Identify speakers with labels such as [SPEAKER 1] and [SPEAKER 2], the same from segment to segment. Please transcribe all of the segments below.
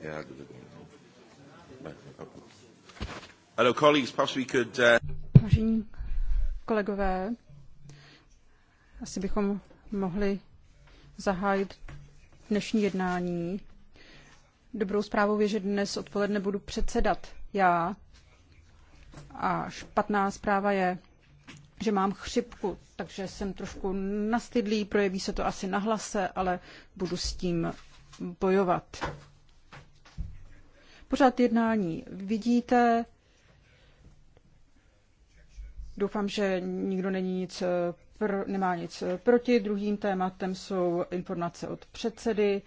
[SPEAKER 1] Uh,
[SPEAKER 2] Vážení kolegové, asi bychom mohli zahájit dnešní jednání. Dobrou zprávou je, že dnes odpoledne budu předsedat já. A špatná zpráva je, že mám chřipku, takže jsem trošku nastydlý, projeví se to asi na hlase, ale budu s tím bojovat. Pořád jednání vidíte. Doufám, že nikdo není nic eh, pro, nemá nic eh, proti. Druhým tématem jsou informace od předsedy.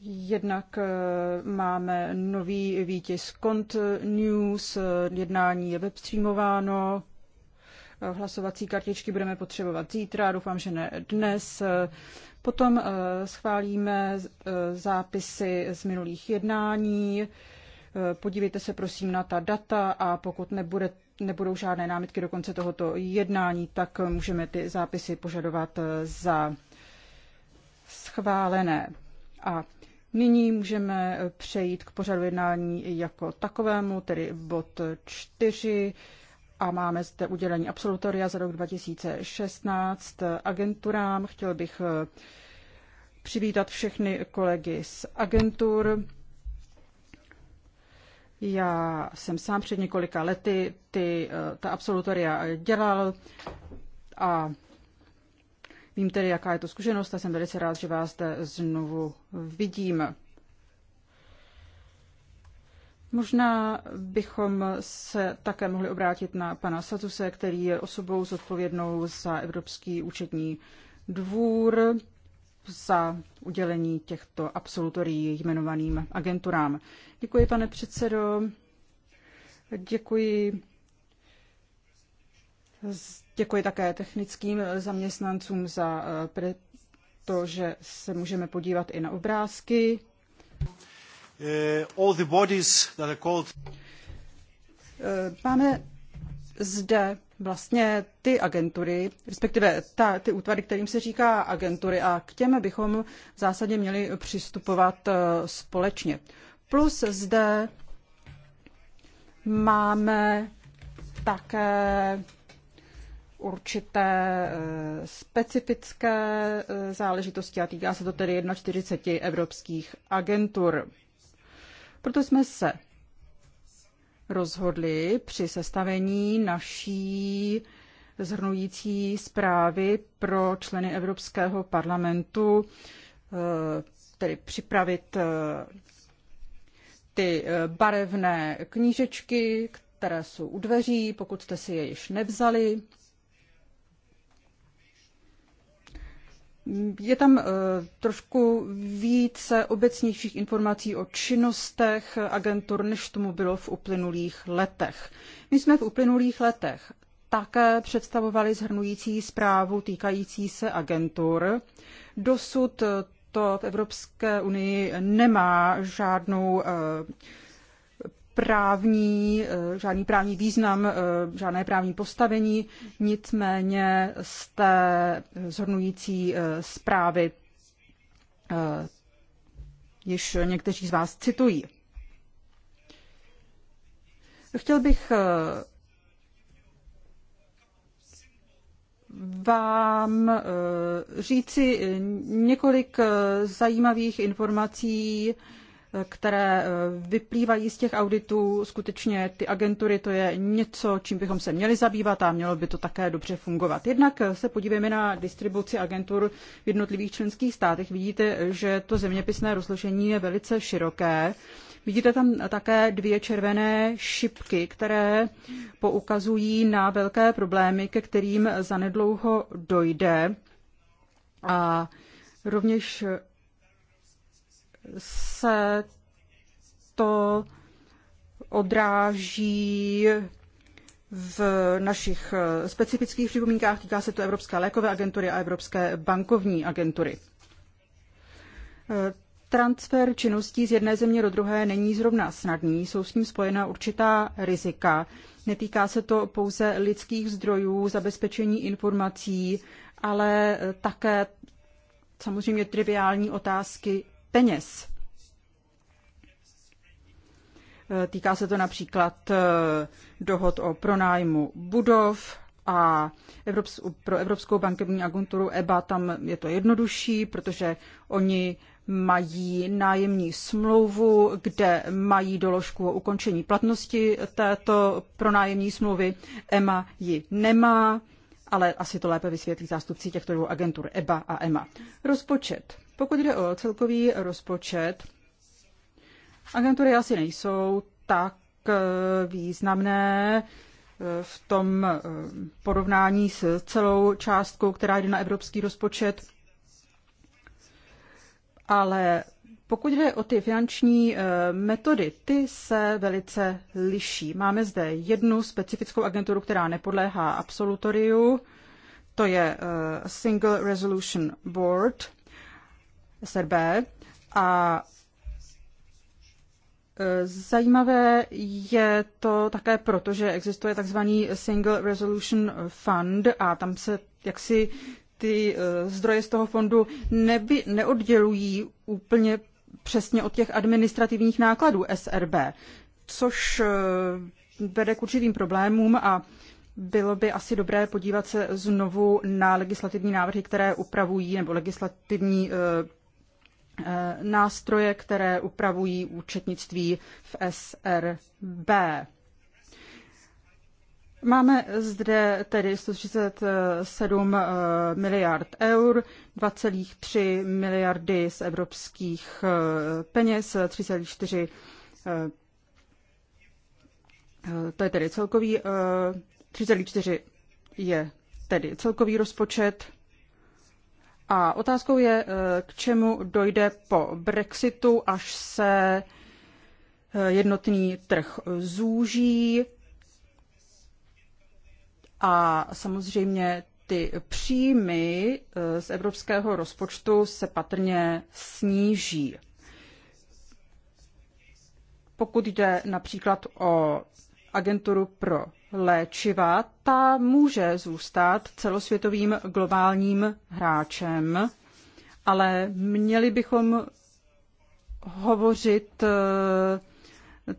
[SPEAKER 2] Jednak eh, máme nový výtisk Cont News, jednání je webstreamováno. Hlasovací kartičky budeme potřebovat zítra, doufám, že ne dnes. Potom eh, schválíme eh, zápisy z minulých jednání. Eh, podívejte se prosím na ta data a pokud nebude, nebudou žádné námitky do konce tohoto jednání, tak můžeme ty zápisy požadovat za schválené. A nyní můžeme přejít k pořadu jednání jako takovému, tedy bod 4 a máme zde udělení absolutoria za rok 2016 agenturám. Chtěl bych eh, přivítat všechny kolegy z agentur. Já jsem sám před několika lety ty, eh, ta absolutoria dělal a vím tedy, jaká je to zkušenost a jsem velice rád, že vás zde znovu vidím. Možná bychom se také mohli obrátit na pana Satuse, který je osobou zodpovědnou za Evropský účetní dvůr za udělení těchto absolutorií jmenovaným agenturám. Děkuji, pane předsedo. Děkuji. Děkuji také technickým zaměstnancům za eh, to, že se můžeme podívat i na obrázky.
[SPEAKER 1] Uh, eh,
[SPEAKER 2] máme zde vlastně ty agentury, respektive ta, ty útvary, kterým se říká agentury a k těm bychom v zásadě měli přistupovat eh, společně. Plus zde máme také určité eh, specifické záležitosti a týká se to tedy 41 evropských agentur. Proto jsme se rozhodli při sestavení naší zhrnující zprávy pro členy Evropského parlamentu, eh, tedy připravit eh, ty eh, barevné knížečky, které jsou u dveří, pokud jste si je již nevzali. Je tam eh, trošku více obecnějších informací o činnostech agentur, než tomu bylo v uplynulých letech. My jsme v uplynulých letech také představovali zhrnující zprávu týkající se agentur. Dosud to v Evropské unii nemá žádnou eh, právní, eh, žádný právní význam, eh, žádné právní postavení, nicméně z té zhrnující eh, zprávy již někteří z vás citují. Chtěl bych vám říci několik zajímavých informací, které eh, vyplývají z těch auditů. Skutečně ty agentury, to je něco, čím bychom se měli zabývat a mělo by to také dobře fungovat. Jednak eh, se podívejme na distribuci agentur v jednotlivých členských státech. Vidíte, že to zeměpisné rozložení je velice široké. Vidíte tam také dvě červené šipky, které poukazují na velké problémy, ke kterým zanedlouho dojde. A rovněž se to odráží v našich eh, specifických připomínkách. Týká se to Evropské lékové agentury a Evropské bankovní agentury. Eh, transfer činností z jedné země do druhé není zrovna snadný, jsou s ním spojena určitá rizika. Netýká se to pouze lidských zdrojů, zabezpečení informací, ale také samozřejmě triviální otázky peněz. Eh, týká se to například eh, dohod o pronájmu budov a pro Evropskou bankovní agenturu EBA tam je to jednodušší, protože oni mají nájemní smlouvu, kde mají doložku o ukončení platnosti této pronájemní smlouvy. EMA ji nemá, ale asi to lépe vysvětlí zástupci těchto dvou agentur EBA a EMA. E Rozpočet. Pokud jde o celkový rozpočet, agentury asi nejsou tak eh, významné eh, v tom eh, porovnání s celou částkou, která jde na evropský rozpočet. Ale pokud jde o ty finanční metody, ty se velice liší. Máme zde jednu specifickou agenturu, která nepodléhá absolutoriu, to je Single Resolution Board – SRB a e, Zajímavé je to také proto, že existuje takzvaný Single Resolution Fund a tam se jaksi ty e, zdroje z toho fondu neby, neoddělují úplně přesně od těch administrativních nákladů SRB, což e, vede k určitým problémům a bylo by asi dobré podívat se znovu na legislativní návrhy, které upravují, nebo legislativní Eh, nástroje, které upravují účetnictví v SRB. Máme zde tedy 137 eh, miliard eur, 2,3 miliardy z evropských eh, peněz, 3,4 to je tedy celkový, 3,4 je tedy celkový rozpočet a otázkou je, eh, k čemu dojde po Brexitu, až se eh, jednotný trh zúží. A samozřejmě ty příjmy eh, z evropského rozpočtu se patrně sníží. Pokud jde například o agenturu pro léčiva, ta může zůstat celosvětovým globálním hráčem, ale měli bychom hovořit eh,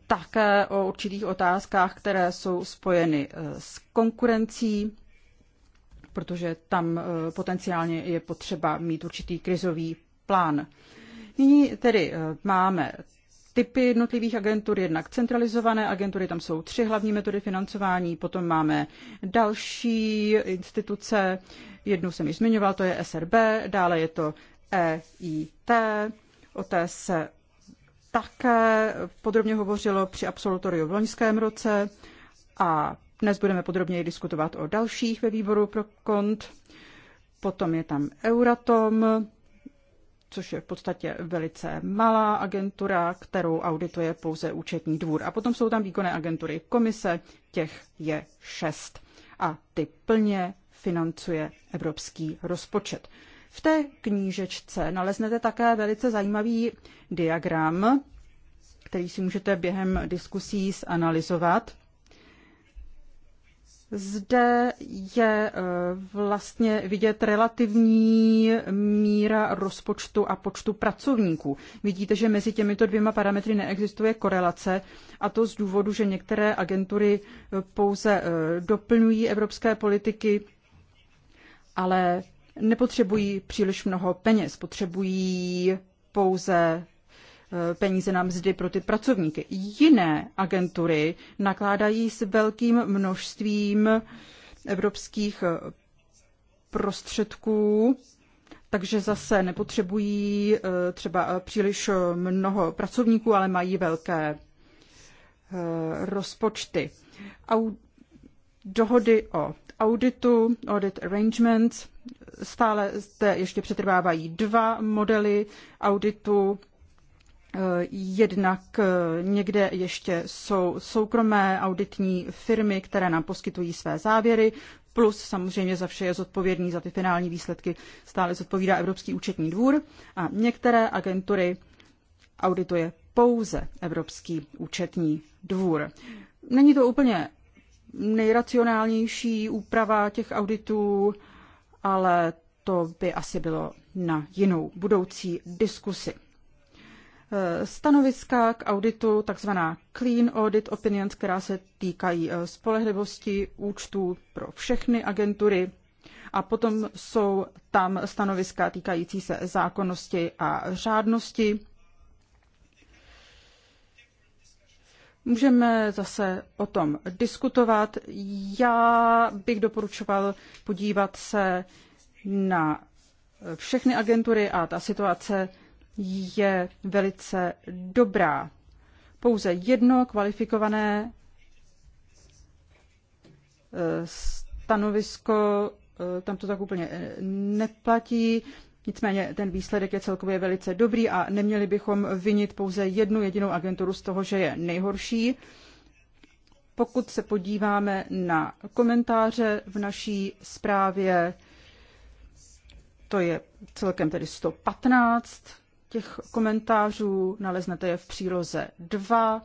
[SPEAKER 2] také o určitých otázkách, které jsou spojeny eh, s konkurencí, protože tam eh, potenciálně je potřeba mít určitý krizový plán. Nyní tedy máme typy jednotlivých agentur, jednak centralizované agentury, tam jsou tři hlavní metody financování, potom máme další instituce, jednu jsem již zmiňoval, to je SRB, dále je to EIT, o té se také podrobně hovořilo při absolutoriu v loňském roce a dnes budeme podrobněji diskutovat o dalších ve výboru pro kont. Potom je tam Euratom, což je v podstatě velice malá agentura, kterou audituje pouze účetní dvůr. A potom jsou tam výkonné agentury komise, těch je šest. A ty plně financuje evropský rozpočet. V té knížečce naleznete také velice zajímavý diagram, který si můžete během diskusí zanalizovat. Zde je e, vlastně vidět relativní míra rozpočtu a počtu pracovníků. Vidíte, že mezi těmito dvěma parametry neexistuje korelace a to z důvodu, že některé agentury e, pouze e, doplňují evropské politiky, ale nepotřebují příliš mnoho peněz, potřebují pouze peníze na mzdy pro ty pracovníky. Jiné agentury nakládají s velkým množstvím evropských prostředků, takže zase nepotřebují eh, třeba eh, příliš mnoho pracovníků, ale mají velké eh, rozpočty. Dohody o auditu, audit arrangements, stále zde ještě přetrvávají dva modely auditu, Jednak eh, někde ještě jsou soukromé auditní firmy, které nám poskytují své závěry, plus samozřejmě za vše je zodpovědný za ty finální výsledky, stále zodpovídá Evropský účetní dvůr a některé agentury audituje pouze Evropský účetní dvůr. Není to úplně nejracionálnější úprava těch auditů, ale to by asi bylo na jinou budoucí diskusi stanoviska k auditu, takzvaná Clean Audit Opinions, která se týkají eh, spolehlivosti účtů pro všechny agentury. A potom jsou tam stanoviska týkající se zákonnosti a řádnosti. Můžeme zase o tom diskutovat. Já bych doporučoval podívat se na všechny agentury a ta situace je velice dobrá. Pouze jedno kvalifikované eh, stanovisko, eh, tam to tak úplně eh, neplatí. Nicméně ten výsledek je celkově velice dobrý a neměli bychom vinit pouze jednu jedinou agenturu z toho, že je nejhorší. Pokud se podíváme na komentáře v naší zprávě, to je celkem tedy 115, těch komentářů, naleznete je v příloze 2,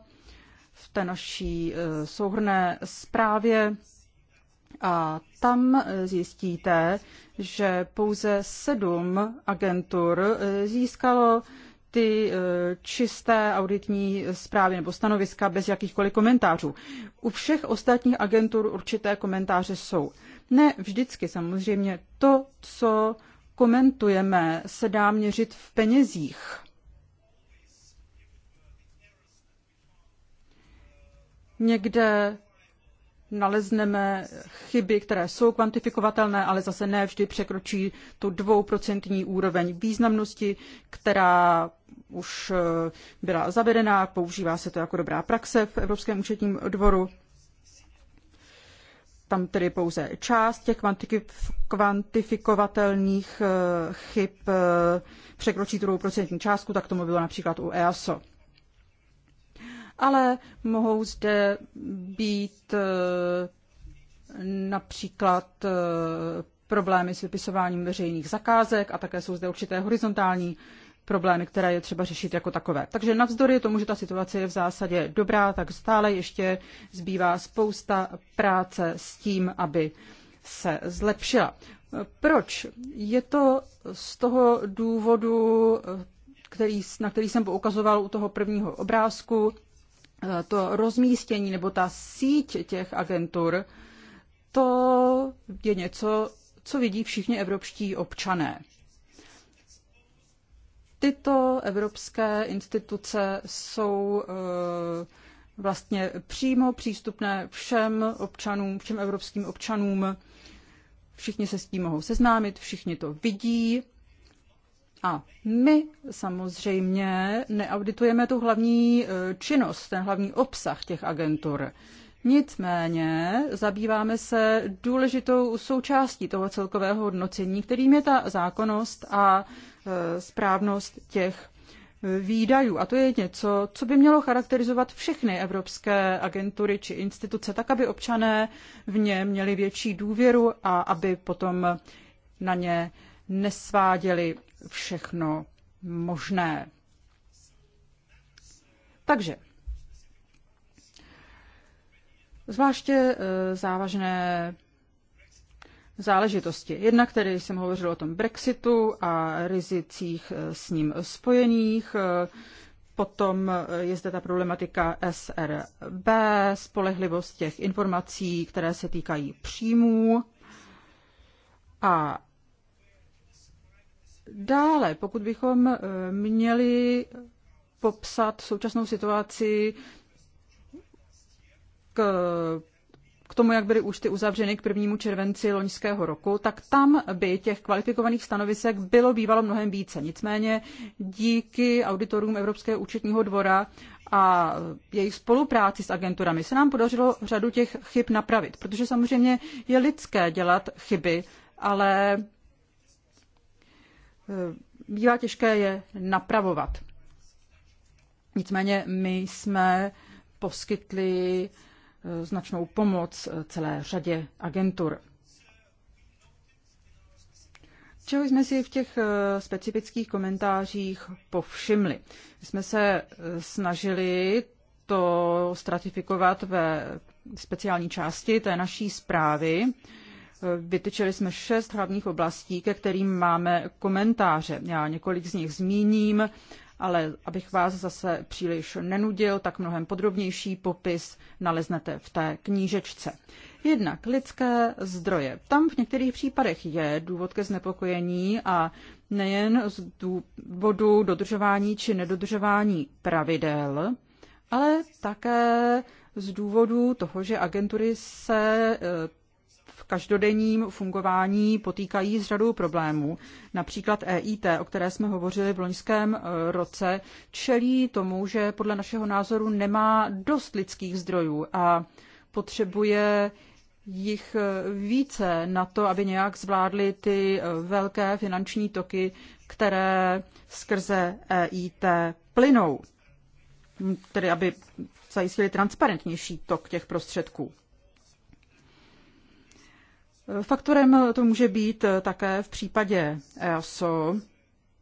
[SPEAKER 2] v té naší e, souhrné zprávě. A tam e, zjistíte, že pouze sedm agentur e, získalo ty čisté auditní zprávy nebo stanoviska bez jakýchkoliv komentářů. U všech ostatních agentur určité komentáře jsou. Ne vždycky samozřejmě to, co komentujeme, se dá měřit v penězích. Někde nalezneme chyby, které jsou kvantifikovatelné, ale zase ne vždy překročí tu dvouprocentní úroveň významnosti, která už eh, byla zavedená, používá se to jako dobrá praxe v Evropském účetním dvoru tam tedy pouze část těch kvantifikovatelných eh, chyb eh, překročí tu procentní částku, tak tomu bylo například u EASO. Ale mohou zde být eh, například problémy s vypisováním veřejných zakázek a také jsou zde určité horizontální problémy, které je třeba řešit jako takové. Takže navzdory tomu, že ta situace je v zásadě dobrá, tak stále ještě zbývá spousta práce s tím, aby se zlepšila. Proč? Je to z toho důvodu, který, na který jsem poukazoval u toho prvního obrázku, to rozmístění nebo ta síť těch agentur, to je něco, co vidí všichni evropští občané tyto evropské instituce jsou eh, vlastně přímo přístupné všem občanům, všem evropským občanům. Všichni se s tím mohou seznámit, všichni to vidí. A my samozřejmě neauditujeme tu hlavní eh, činnost, ten hlavní obsah těch agentur. Nicméně zabýváme se důležitou součástí toho celkového hodnocení, kterým je ta zákonnost a Eh, správnost těch eh, výdajů. A to je něco, co by mělo charakterizovat všechny evropské agentury či instituce, tak aby občané v ně měli větší důvěru a aby potom na ně nesváděli všechno možné. Takže zvláště eh, závažné záležitosti. Jednak tedy jsem hovořil o tom Brexitu a rizicích eh, s ním spojených, eh, potom eh, je zde ta problematika SRB, spolehlivost těch informací, které se týkají příjmů a Dále, pokud bychom měli popsat současnou situaci k k tomu, jak byly účty uzavřeny k 1. červenci loňského roku, tak tam by těch kvalifikovaných stanovisek bylo bývalo mnohem více. Nicméně díky auditorům Evropského účetního dvora a jejich spolupráci s agenturami se nám podařilo řadu těch chyb napravit, protože samozřejmě je lidské dělat chyby, ale eh, bývá těžké je napravovat. Nicméně my jsme poskytli značnou pomoc eh, celé řadě agentur. Čeho jsme si v těch eh, specifických komentářích povšimli? My jsme se eh, snažili to stratifikovat ve speciální části té naší zprávy. Vytyčili jsme šest hlavních oblastí, ke kterým máme komentáře. Já několik z nich zmíním ale abych vás zase příliš nenudil, tak mnohem podrobnější popis naleznete v té knížečce. Jednak lidské zdroje. Tam v některých případech je důvod ke znepokojení a nejen z důvodu dodržování či nedodržování pravidel, ale také z důvodu toho, že agentury se eh, každodenním fungování potýkají s řadou problémů. Například EIT, o které jsme hovořili v loňském e, roce, čelí tomu, že podle našeho názoru nemá dost lidských zdrojů a potřebuje jich e, více na to, aby nějak zvládli ty e, velké finanční toky, které skrze EIT plynou. Tedy aby zajistili transparentnější tok těch prostředků. Faktorem to může být také v případě EASO,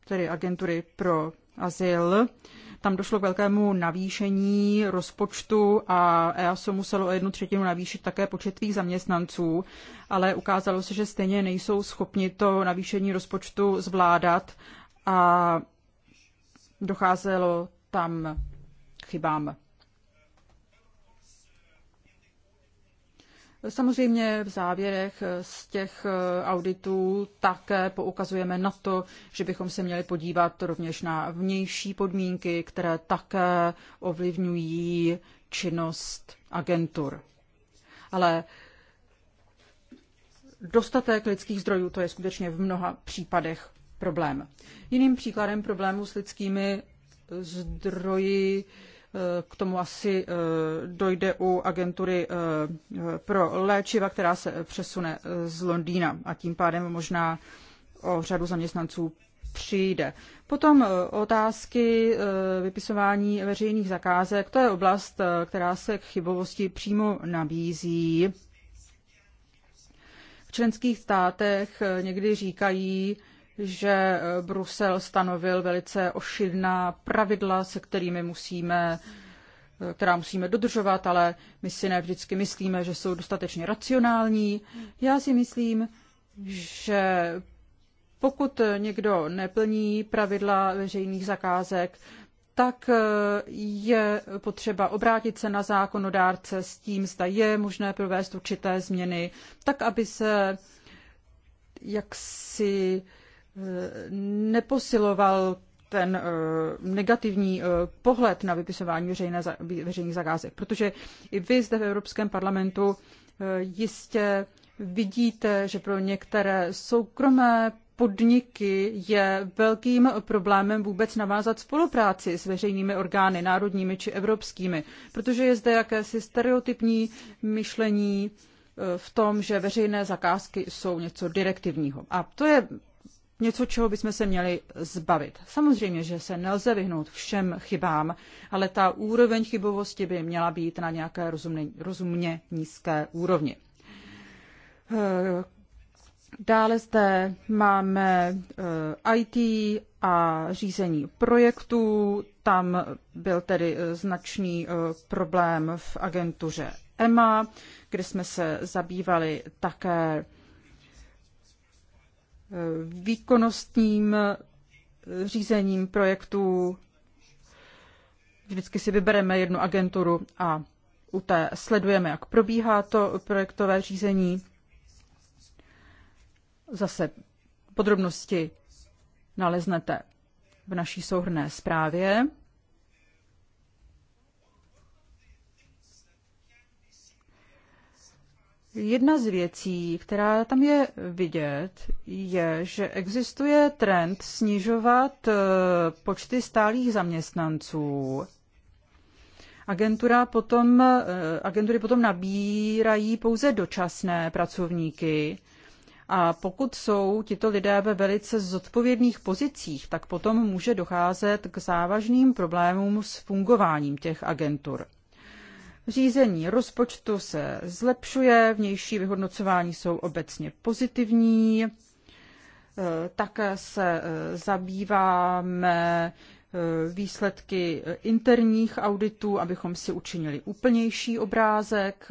[SPEAKER 2] tedy agentury pro azyl. Tam došlo k velkému navýšení rozpočtu a EASO muselo o jednu třetinu navýšit také počet svých zaměstnanců, ale ukázalo se, že stejně nejsou schopni to navýšení rozpočtu zvládat a docházelo tam chybám. Samozřejmě v závěrech z těch eh, auditů také poukazujeme na to, že bychom se měli podívat rovněž na vnější podmínky, které také ovlivňují činnost agentur. Ale dostatek lidských zdrojů, to je skutečně v mnoha případech problém. Jiným příkladem problému s lidskými zdroji Eh, k tomu asi eh, dojde u agentury eh, pro léčiva, která se přesune z Londýna a tím pádem možná o řadu zaměstnanců přijde. Potom otázky vypisování veřejných zakázek. To je oblast, která se k chybovosti přímo nabízí. V členských státech někdy říkají, že eh, Brusel stanovil velice ošidná pravidla, se kterými musíme eh, která musíme dodržovat, ale my si ne vždycky myslíme, že jsou dostatečně racionální. Já si myslím, že pokud někdo neplní pravidla veřejných zakázek, tak eh, je potřeba obrátit se na zákonodárce s tím, zda je možné provést určité změny, tak aby se jaksi neposiloval ten eh, negativní eh, pohled na vypisování veřejné, veřejných zakázek, protože i vy zde v Evropském parlamentu eh, jistě vidíte, že pro některé soukromé podniky je velkým problémem vůbec navázat spolupráci s veřejnými orgány, národními či evropskými, protože je zde jakési stereotypní myšlení v tom, že veřejné zakázky jsou něco direktivního. A to je něco, čeho bychom se měli zbavit. Samozřejmě, že se nelze vyhnout všem chybám, ale ta úroveň chybovosti by měla být na nějaké rozumně, rozumně nízké úrovni. Eh, dále zde máme eh, IT a řízení projektů. Tam byl tedy eh, značný problém v agentuře EMA, kde jsme se zabývali také výkonnostním řízením projektů. Vždycky si vybereme jednu agenturu a u té sledujeme, jak probíhá to projektové řízení. Zase podrobnosti naleznete v naší souhrné zprávě. Jedna z věcí, která tam je vidět, je, že existuje trend snižovat eh, počty stálých zaměstnanců. Agentura potom, eh, agentury potom nabírají pouze dočasné pracovníky. A pokud jsou tito lidé ve velice zodpovědných pozicích, tak potom může docházet k závažným problémům s fungováním těch agentur. Řízení rozpočtu se zlepšuje, vnější vyhodnocování jsou obecně pozitivní, e, také se e, zabýváme e, výsledky interních auditů, abychom si učinili úplnější obrázek.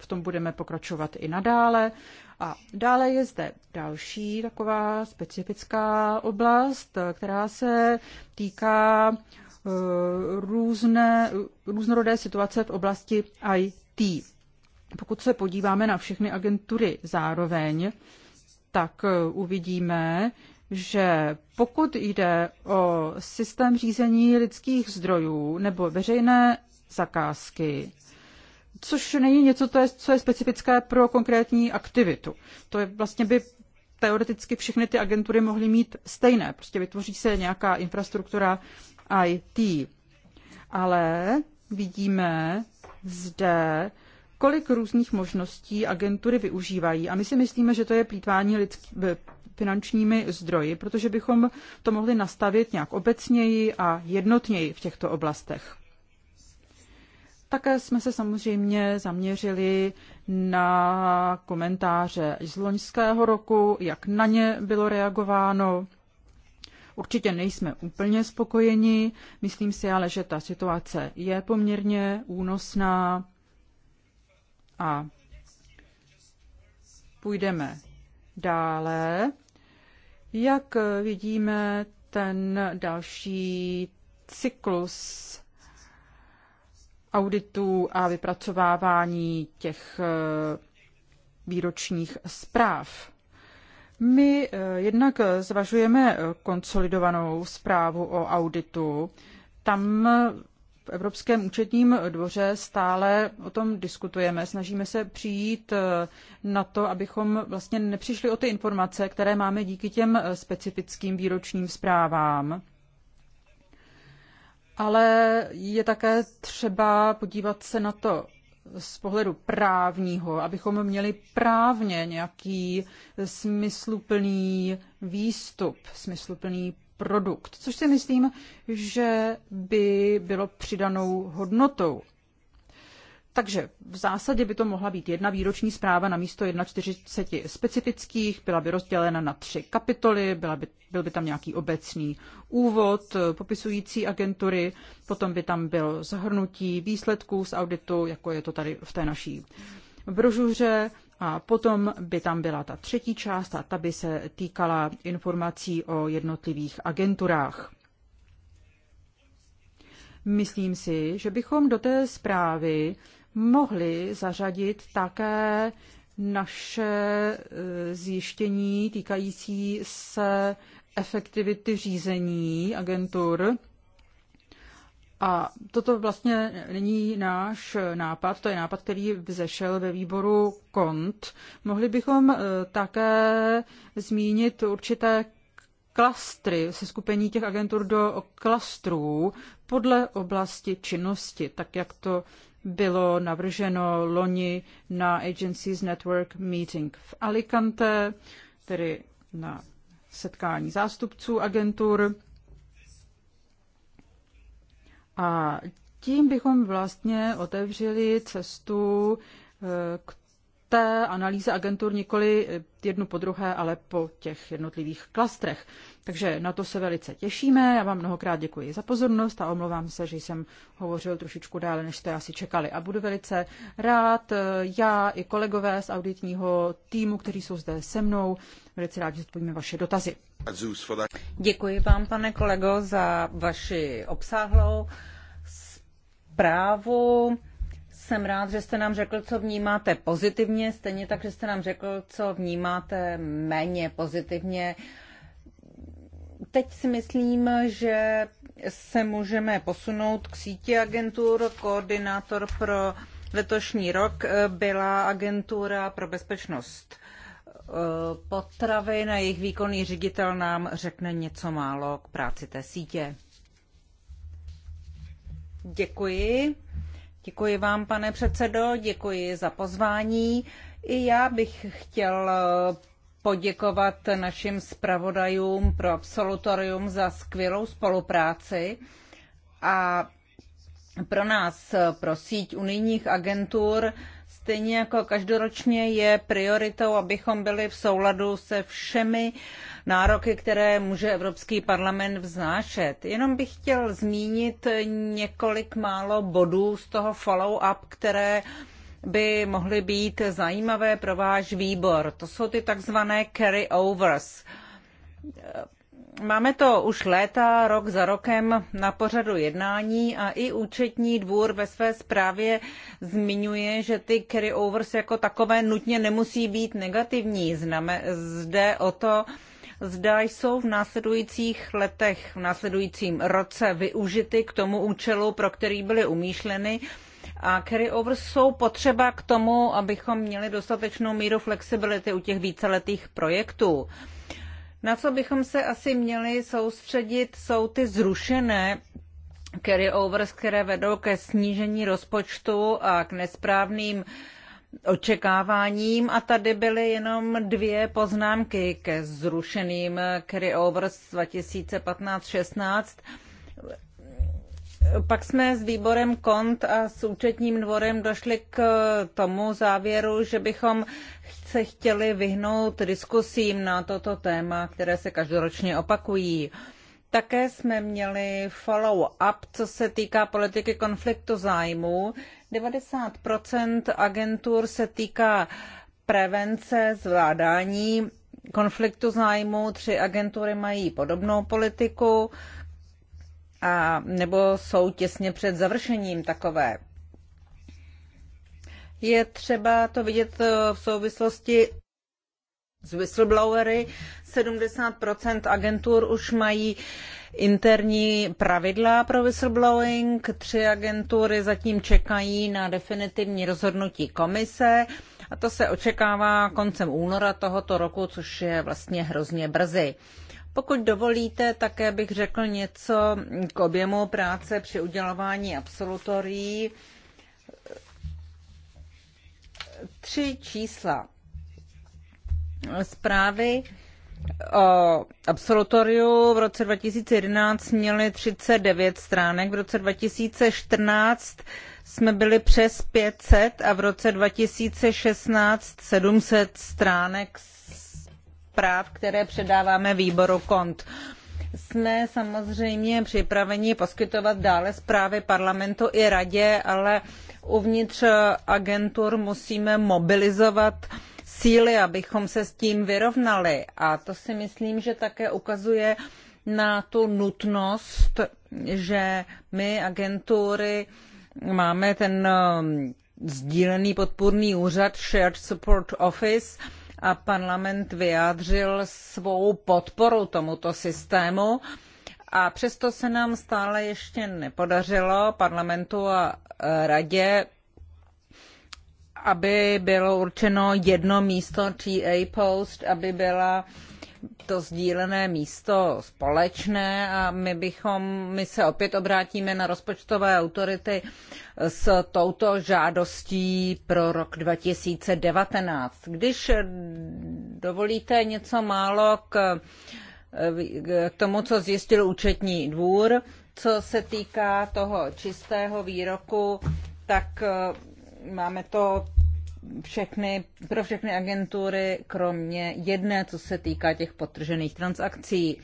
[SPEAKER 2] V tom budeme pokračovat i nadále. A dále je zde další taková specifická oblast, která se týká Eh, různé, různorodé situace v oblasti IT. Pokud se podíváme na všechny agentury zároveň, tak eh, uvidíme, že pokud jde o systém řízení lidských zdrojů nebo veřejné zakázky, což není něco, to je, co je specifické pro konkrétní aktivitu. To je vlastně by teoreticky všechny ty agentury mohly mít stejné. Prostě vytvoří se nějaká infrastruktura IT. Ale vidíme zde, kolik různých možností agentury využívají. A my si myslíme, že to je plítvání lidský, eh, finančními zdroji, protože bychom to mohli nastavit nějak obecněji a jednotněji v těchto oblastech. Také jsme se samozřejmě zaměřili na komentáře z loňského roku, jak na ně bylo reagováno. Určitě nejsme úplně spokojeni, myslím si ale, že ta situace je poměrně únosná a půjdeme dále. Jak vidíme, ten další cyklus auditů a vypracovávání těch eh, výročních zpráv. My eh, jednak eh, zvažujeme eh, konsolidovanou zprávu o auditu. Tam v Evropském účetním dvoře stále o tom diskutujeme. Snažíme se přijít na to, abychom vlastně nepřišli o ty informace, které máme díky těm specifickým výročním zprávám. Ale je také třeba podívat se na to z pohledu právního, abychom měli právně nějaký smysluplný výstup, smysluplný produkt, což si myslím, že by bylo přidanou hodnotou. Takže v zásadě by to mohla být jedna výroční zpráva na místo 41 specifických, byla by rozdělena na tři kapitoly, byla by, byl by tam nějaký obecný úvod popisující agentury, potom by tam bylo zhrnutí výsledků z auditu, jako je to tady v té naší brožuře, a potom by tam byla ta třetí část a ta by se týkala informací o jednotlivých agenturách. Myslím si, že bychom do té zprávy mohli zařadit také naše e, zjištění týkající se efektivity řízení agentur. A toto vlastně není náš nápad, to je nápad, který vzešel ve výboru KONT. Mohli bychom e, také zmínit určité klastry, se skupení těch agentur do klastrů podle oblasti činnosti, tak jak to bylo navrženo loni na Agencies Network Meeting v Alicante, tedy na setkání zástupců agentur. A tím bychom vlastně otevřeli cestu eh, k té analýze agentur nikoli jednu po druhé, ale po těch jednotlivých klastrech. Takže na to se velice těšíme. Já vám mnohokrát děkuji za pozornost a omlouvám se, že jsem hovořil trošičku dále, než jste asi čekali. A budu velice rád, eh, já i kolegové z auditního týmu, kteří jsou zde se mnou, velice rád, že zodpovíme vaše dotazy. Děkuji vám, pane kolego, za vaši obsáhlou
[SPEAKER 3] zprávu. Jsem rád, že jste nám řekl, co vnímáte pozitivně, stejně tak, že jste nám řekl, co vnímáte méně pozitivně. Teď si myslím, že se můžeme posunout k síti agentur. Koordinátor pro letošní rok byla agentura pro bezpečnost eh, potravy. Na jejich výkonný ředitel nám řekne něco málo k práci té sítě. Děkuji. Děkuji vám, pane předsedo, děkuji za pozvání. I já bych chtěl eh, poděkovat našim zpravodajům pro absolutorium za skvělou spolupráci a pro nás, eh, pro síť unijních agentur, stejně jako každoročně je prioritou, abychom byli v souladu se všemi uh, nároky, které může Evropský parlament vznášet. Jenom bych chtěl zmínit několik málo bodů z toho follow-up, které by mohly být zajímavé pro váš výbor. To jsou ty takzvané carry-overs. Máme to už léta, rok za rokem na pořadu jednání a i účetní dvůr ve své zprávě zmiňuje, že ty carryovers jako takové nutně nemusí být negativní. zde o to, zda jsou v následujících letech, v následujícím roce využity k tomu účelu, pro který byly umýšleny, a carryovers jsou potřeba k tomu, abychom měli dostatečnou míru flexibility u těch víceletých projektů. Na co bychom se asi měli soustředit, jsou ty zrušené carryovers, které vedou ke snížení rozpočtu a k nesprávným uh, očekáváním a tady byly jenom dvě poznámky ke zrušeným carryovers 2015-16. Pak jsme s výborem KONT a s účetním dvorem došli k tomu závěru, že bychom se chtěli vyhnout diskusím na toto téma, které se každoročně opakují. Také jsme měli follow-up, co se týká politiky konfliktu zájmu. 90 agentur se týká prevence, zvládání konfliktu zájmu. Tři agentury mají podobnou politiku a nebo jsou těsně před završením takové. Je třeba to vidět eh, v souvislosti s whistleblowery. 70 agentur už mají interní pravidla pro whistleblowing. Tři agentury zatím čekají na definitivní rozhodnutí komise a to se očekává koncem února tohoto roku, což je vlastně hrozně brzy. Pokud dovolíte, také bych řekl něco k objemu práce při udělování absolutorií. Tři čísla zprávy absolutoriu v roce 2011 měli 39 stránek, v roce 2014 jsme byli přes 500 a v roce 2016 700 stránek zpráv, které předáváme výboru KONT. Jsme samozřejmě připraveni poskytovat dále zprávy parlamentu i radě, ale uvnitř agentur musíme mobilizovat uh, síly, abychom se s tím vyrovnali. A to si myslím, že také ukazuje na tu nutnost, že my agentury máme ten um, sdílený podpůrný úřad Shared Support Office a parlament vyjádřil svou podporu tomuto systému. A přesto se nám stále ještě nepodařilo parlamentu a e, radě aby bylo určeno jedno místo TA post, aby byla to sdílené místo společné a my bychom, my se opět obrátíme na rozpočtové autority s touto žádostí pro rok 2019. Když dovolíte něco málo k, k tomu, co zjistil účetní dvůr, co se týká toho čistého výroku, tak máme to všechny, pro všechny agentury, kromě jedné, co se týká těch potržených transakcí.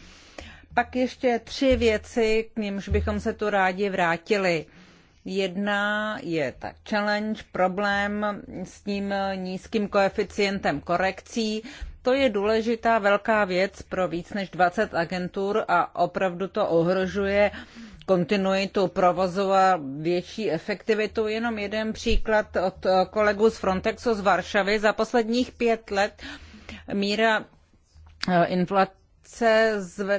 [SPEAKER 3] Pak ještě tři věci, k nimž bychom se tu rádi vrátili. Jedna je ta challenge, problém s tím nízkým koeficientem korekcí. To je důležitá velká věc pro víc než 20 agentur a opravdu to ohrožuje uh, kontinuitu provozu a větší efektivitu. Jenom jeden příklad od eh, kolegů z Frontexu z Varšavy. Za posledních pět let míra eh, inflace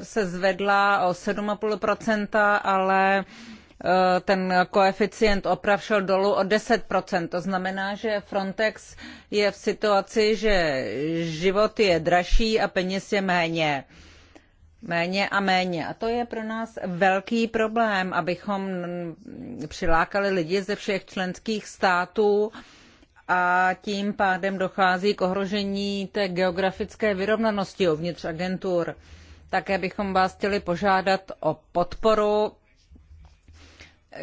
[SPEAKER 3] se zvedla o 7,5%, ale eh, ten koeficient oprav šel dolů o 10%. To znamená, že Frontex je v situaci, že život je dražší a peněz je méně méně a méně. A to je pro nás velký problém, abychom přilákali lidi ze všech členských států a tím pádem dochází k ohrožení té geografické vyrovnanosti uvnitř agentur. Také bychom vás chtěli požádat o podporu,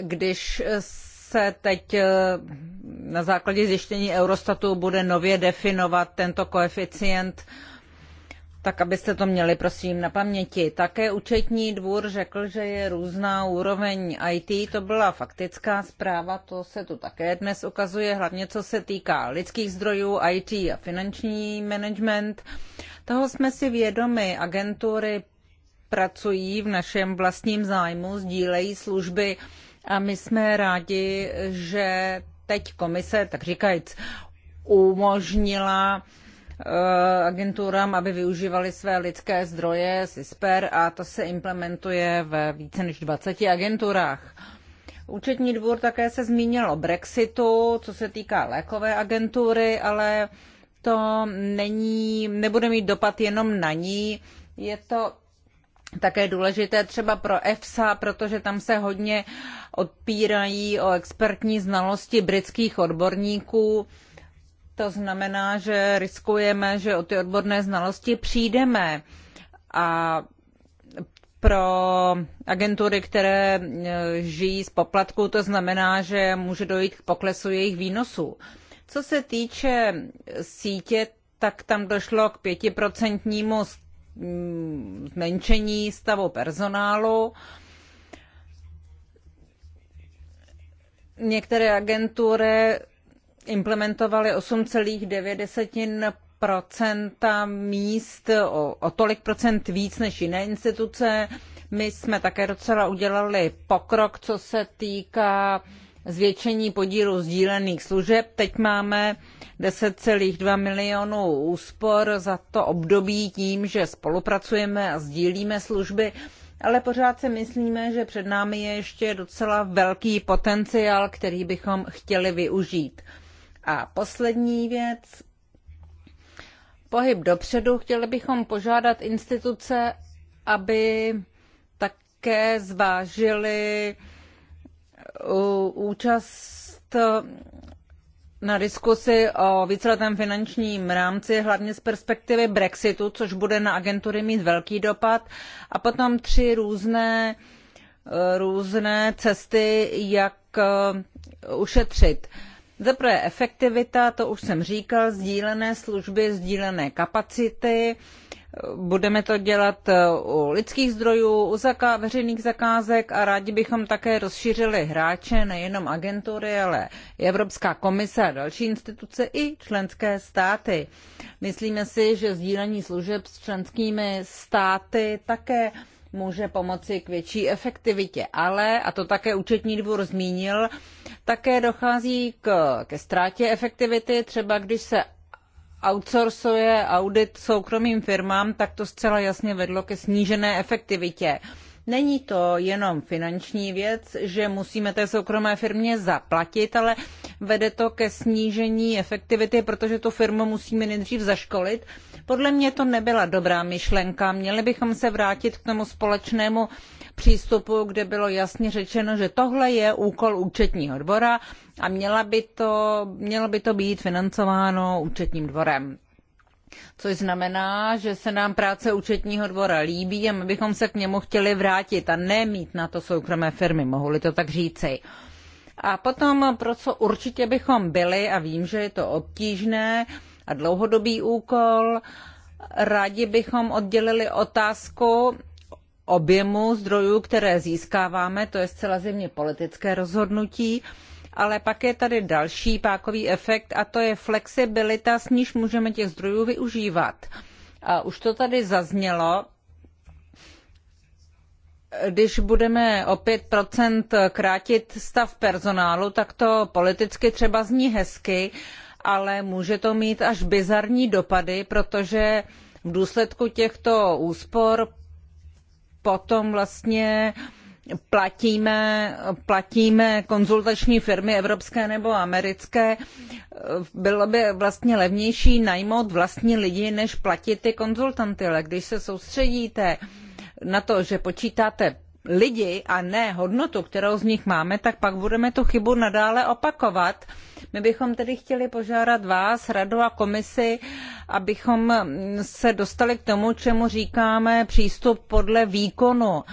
[SPEAKER 3] když se teď eh, na základě zjištění Eurostatu bude nově definovat tento koeficient tak abyste to měli prosím na paměti. Také účetní dvůr řekl, že je různá úroveň IT, to byla faktická zpráva, to se tu také dnes ukazuje, hlavně co se týká lidských zdrojů, IT a finanční management. Toho jsme si vědomi, agentury pracují v našem vlastním zájmu, sdílejí služby a my jsme rádi, že teď komise, tak říkajíc, umožnila Eh, agenturám, aby využívali své lidské zdroje, SISPER, a to se implementuje ve více než 20 agenturách. Účetní dvůr také se zmínil o Brexitu, co se týká lékové agentury, ale to není, nebude mít dopad jenom na ní. Je to také důležité třeba pro EFSA, protože tam se hodně odpírají o expertní znalosti britských odborníků. To znamená, že riskujeme, že o ty odborné znalosti přijdeme. A pro agentury, které e, žijí z poplatku, to znamená, že může dojít k poklesu jejich výnosů. Co se týče sítě, tak tam došlo k pětiprocentnímu mm, zmenšení stavu personálu. Některé agentury implementovali 8,9 míst, o, o tolik procent víc než jiné instituce. My jsme také docela udělali pokrok, co se týká zvětšení podílu sdílených služeb. Teď máme 10,2 milionů úspor za to období tím, že spolupracujeme a sdílíme služby, ale pořád si myslíme, že před námi je ještě docela velký potenciál, který bychom chtěli využít. A poslední věc, pohyb dopředu, chtěli bychom požádat instituce, aby také zvážili účast na diskusi o víceletém finančním rámci, hlavně z perspektivy Brexitu, což bude na agentury mít velký dopad. A potom tři různé, různé cesty, jak eh, ušetřit. Uh, za prvé efektivita, to už jsem říkal, sdílené služby, sdílené kapacity. Budeme to dělat e, u lidských zdrojů, u zaká- veřejných zakázek a rádi bychom také rozšířili hráče, nejenom agentury, ale i Evropská komise a další instituce i členské státy. Myslíme si, že sdílení služeb s členskými státy také může pomoci k větší efektivitě. Ale, a to také účetní dvůr zmínil, také dochází k, ke ztrátě efektivity, třeba když se outsourcuje audit soukromým firmám, tak to zcela jasně vedlo ke snížené efektivitě. Není to jenom finanční věc, že musíme té soukromé firmě zaplatit, ale vede to ke snížení efektivity, protože tu firmu musíme nejdřív zaškolit. Podle mě to nebyla dobrá myšlenka. Měli bychom se vrátit k tomu společnému přístupu, kde bylo jasně řečeno, že tohle je úkol účetního dvora a měla by to, mělo by to být financováno účetním dvorem. Což znamená, že se nám práce účetního dvora líbí a my bychom se k němu chtěli vrátit a nemít na to soukromé firmy, mohu-li to tak říci. A potom, pro co určitě bychom byli, a vím, že je to obtížné a dlouhodobý úkol, rádi bychom oddělili otázku objemu zdrojů, které získáváme, to je zcela zimně politické rozhodnutí, ale pak je tady další pákový efekt a to je flexibilita, s níž můžeme těch zdrojů využívat. A už to tady zaznělo, když budeme o five krátit stav personálu, tak to politicky třeba zní hezky, ale může to mít až bizarní dopady, protože v důsledku těchto úspor potom vlastně platíme, platíme konzultační firmy evropské nebo americké. Bylo by vlastně levnější najmout vlastní lidi, než platit ty konzultanty. Ale když se soustředíte na to, že počítáte lidi a ne hodnotu, kterou z nich máme, tak pak budeme tu chybu nadále opakovat. My bychom tedy chtěli požádat vás, radu a komisi, abychom se dostali k tomu, čemu říkáme přístup podle výkonu.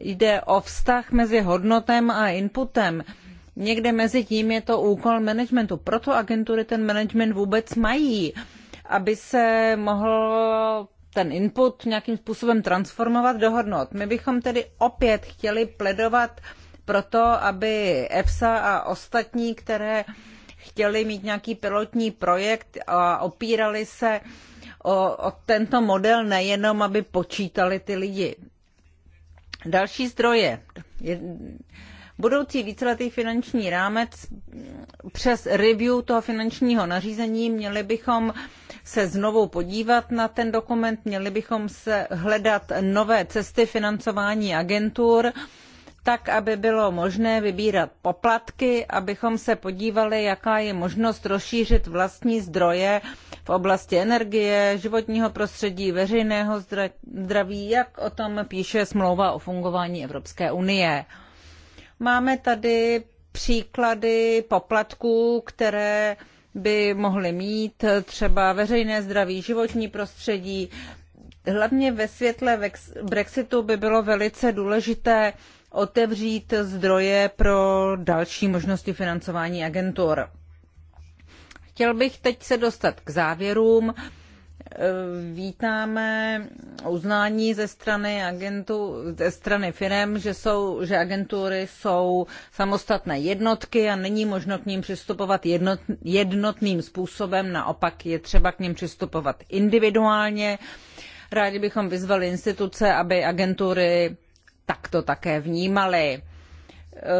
[SPEAKER 3] Jde o vztah mezi hodnotem a inputem. Někde mezi tím je to úkol managementu. Proto agentury ten management vůbec mají, aby se mohlo ten input nějakým způsobem transformovat, dohodnout. My bychom tedy opět chtěli pledovat pro to, aby EFSA a ostatní, které chtěli mít nějaký pilotní projekt a opírali se o, o tento model nejenom, aby počítali ty lidi. Další zdroje budoucí víceletý finanční rámec přes review toho finančního nařízení měli bychom se znovu podívat na ten dokument, měli bychom se hledat nové cesty financování agentur, tak, aby bylo možné vybírat poplatky, abychom se podívali, jaká je možnost rozšířit vlastní zdroje v oblasti energie, životního prostředí, veřejného zdraví, jak o tom píše smlouva o fungování Evropské unie. Máme tady příklady poplatků, které by mohly mít třeba veřejné zdraví, životní prostředí. Hlavně ve světle Brexitu by bylo velice důležité otevřít zdroje pro další možnosti financování agentur. Chtěl bych teď se dostat k závěrům. Eh, vítáme uznání ze strany agentů, ze strany firm, že, jsou, že agentury jsou samostatné jednotky a není možno k ním přistupovat jednot, jednotným způsobem, naopak je třeba k ním přistupovat individuálně. Rádi bychom vyzvali instituce, aby agentury takto také vnímaly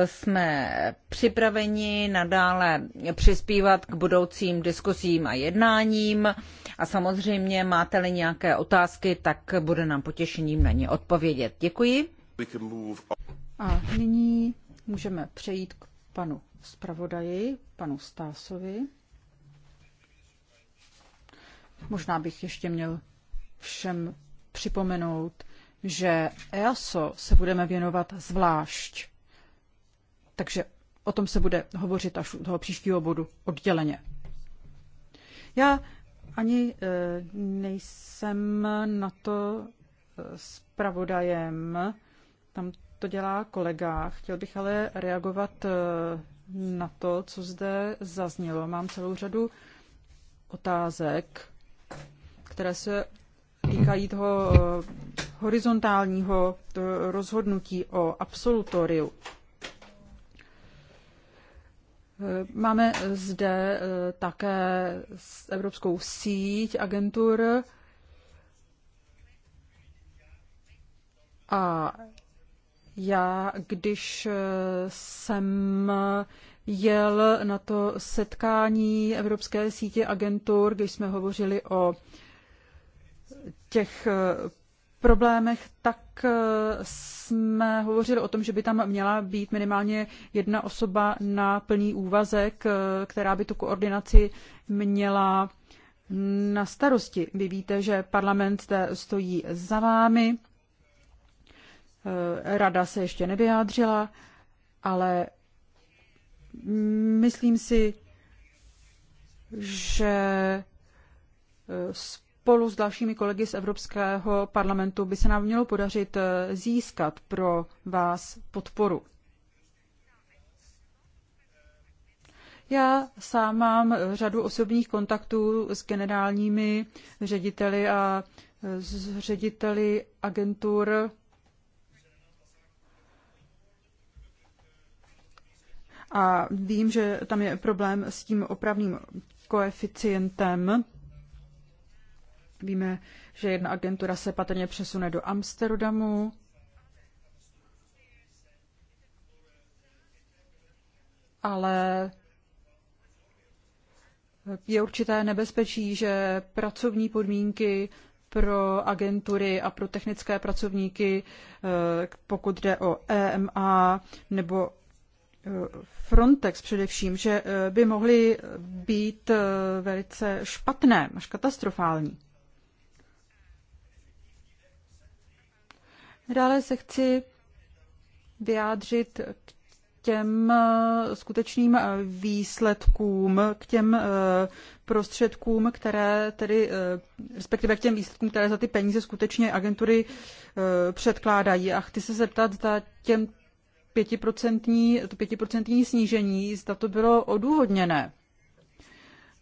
[SPEAKER 3] jsme připraveni nadále přispívat k budoucím diskusím a jednáním a samozřejmě máte-li nějaké otázky, tak bude nám potěšením na ně odpovědět. Děkuji.
[SPEAKER 2] A nyní můžeme přejít k panu zpravodaji, panu Stásovi. Možná bych ještě měl všem připomenout, že EASO se budeme věnovat zvlášť takže o tom se bude hovořit až u toho příštího bodu odděleně. Já ani eh, nejsem na to spravodajem, eh, tam to dělá kolega. Chtěl bych ale reagovat eh, na to, co zde zaznělo. Mám celou řadu otázek, které se týkají toho horizontálního rozhodnutí o absolutoriu. Eh, máme zde eh, také evropskou síť agentur a já, když eh, jsem jel na to setkání Evropské sítě agentur, když jsme hovořili o těch problémech, tak eh, jsme hovořili o tom, že by tam měla být minimálně jedna osoba na plný úvazek, eh, která by tu koordinaci měla na starosti. Vy víte, že parlament zde stojí za vámi, eh, rada se ještě nevyjádřila, ale myslím si, že spolu s dalšími kolegy z Evropského parlamentu by se nám mělo podařit eh, získat pro vás podporu. Já sám mám eh, řadu osobních kontaktů s generálními řediteli a eh, s řediteli agentur. A vím, že tam je problém s tím opravným koeficientem. Víme, že jedna agentura se patrně přesune do Amsterdamu. Ale je určité nebezpečí, že pracovní podmínky pro agentury a pro technické pracovníky, eh, pokud jde o EMA nebo eh, Frontex především, že eh, by mohly být velice špatné až katastrofální. Dále se chci vyjádřit k těm eh, skutečným eh, výsledkům, k těm eh, prostředkům, které tedy, respektive k těm výsledkům, které za ty peníze skutečně agentury předkládají. A chci se zeptat, za těm pětiprocentní, to pětiprocentní snížení, zda to bylo odůvodněné.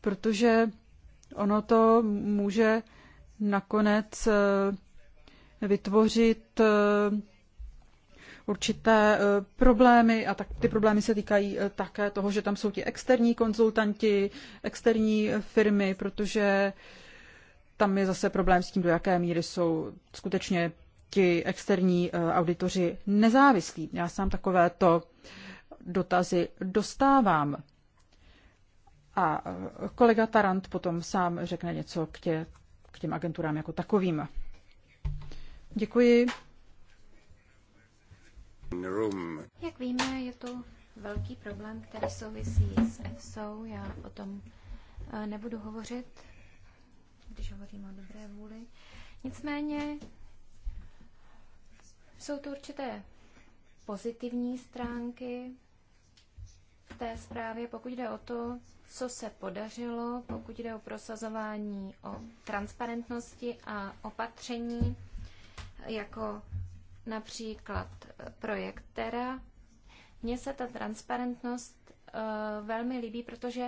[SPEAKER 2] Protože ono to může nakonec vytvořit eh, určité eh, problémy a tak ty problémy se týkají eh, také toho, že tam jsou ti externí konzultanti, externí firmy, protože tam je zase problém s tím, do jaké míry jsou skutečně ti externí auditoři nezávislí. Já sám takovéto dotazy dostávám. A kolega Tarant potom sám řekne něco k, tě, k těm agenturám jako takovým. Děkuji.
[SPEAKER 4] Jak víme, je to velký problém, který souvisí s EFSO. Já o tom eh, nebudu hovořit, když hovořím o dobré vůli. Nicméně jsou to určité pozitivní stránky v té zprávě, pokud jde o to, co se podařilo, pokud jde o prosazování o transparentnosti a opatření, jako například eh, projekt Terra. Mně se ta transparentnost eh, velmi líbí, protože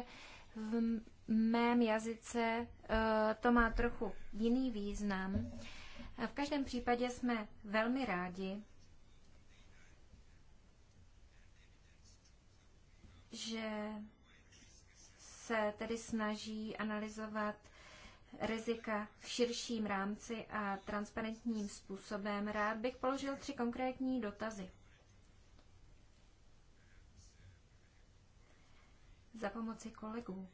[SPEAKER 4] v mém jazyce eh, to má trochu jiný význam. V každém případě jsme velmi rádi, že se tedy snaží analyzovat rizika v širším rámci a transparentním způsobem, rád bych položil tři konkrétní dotazy. Za pomoci kolegů,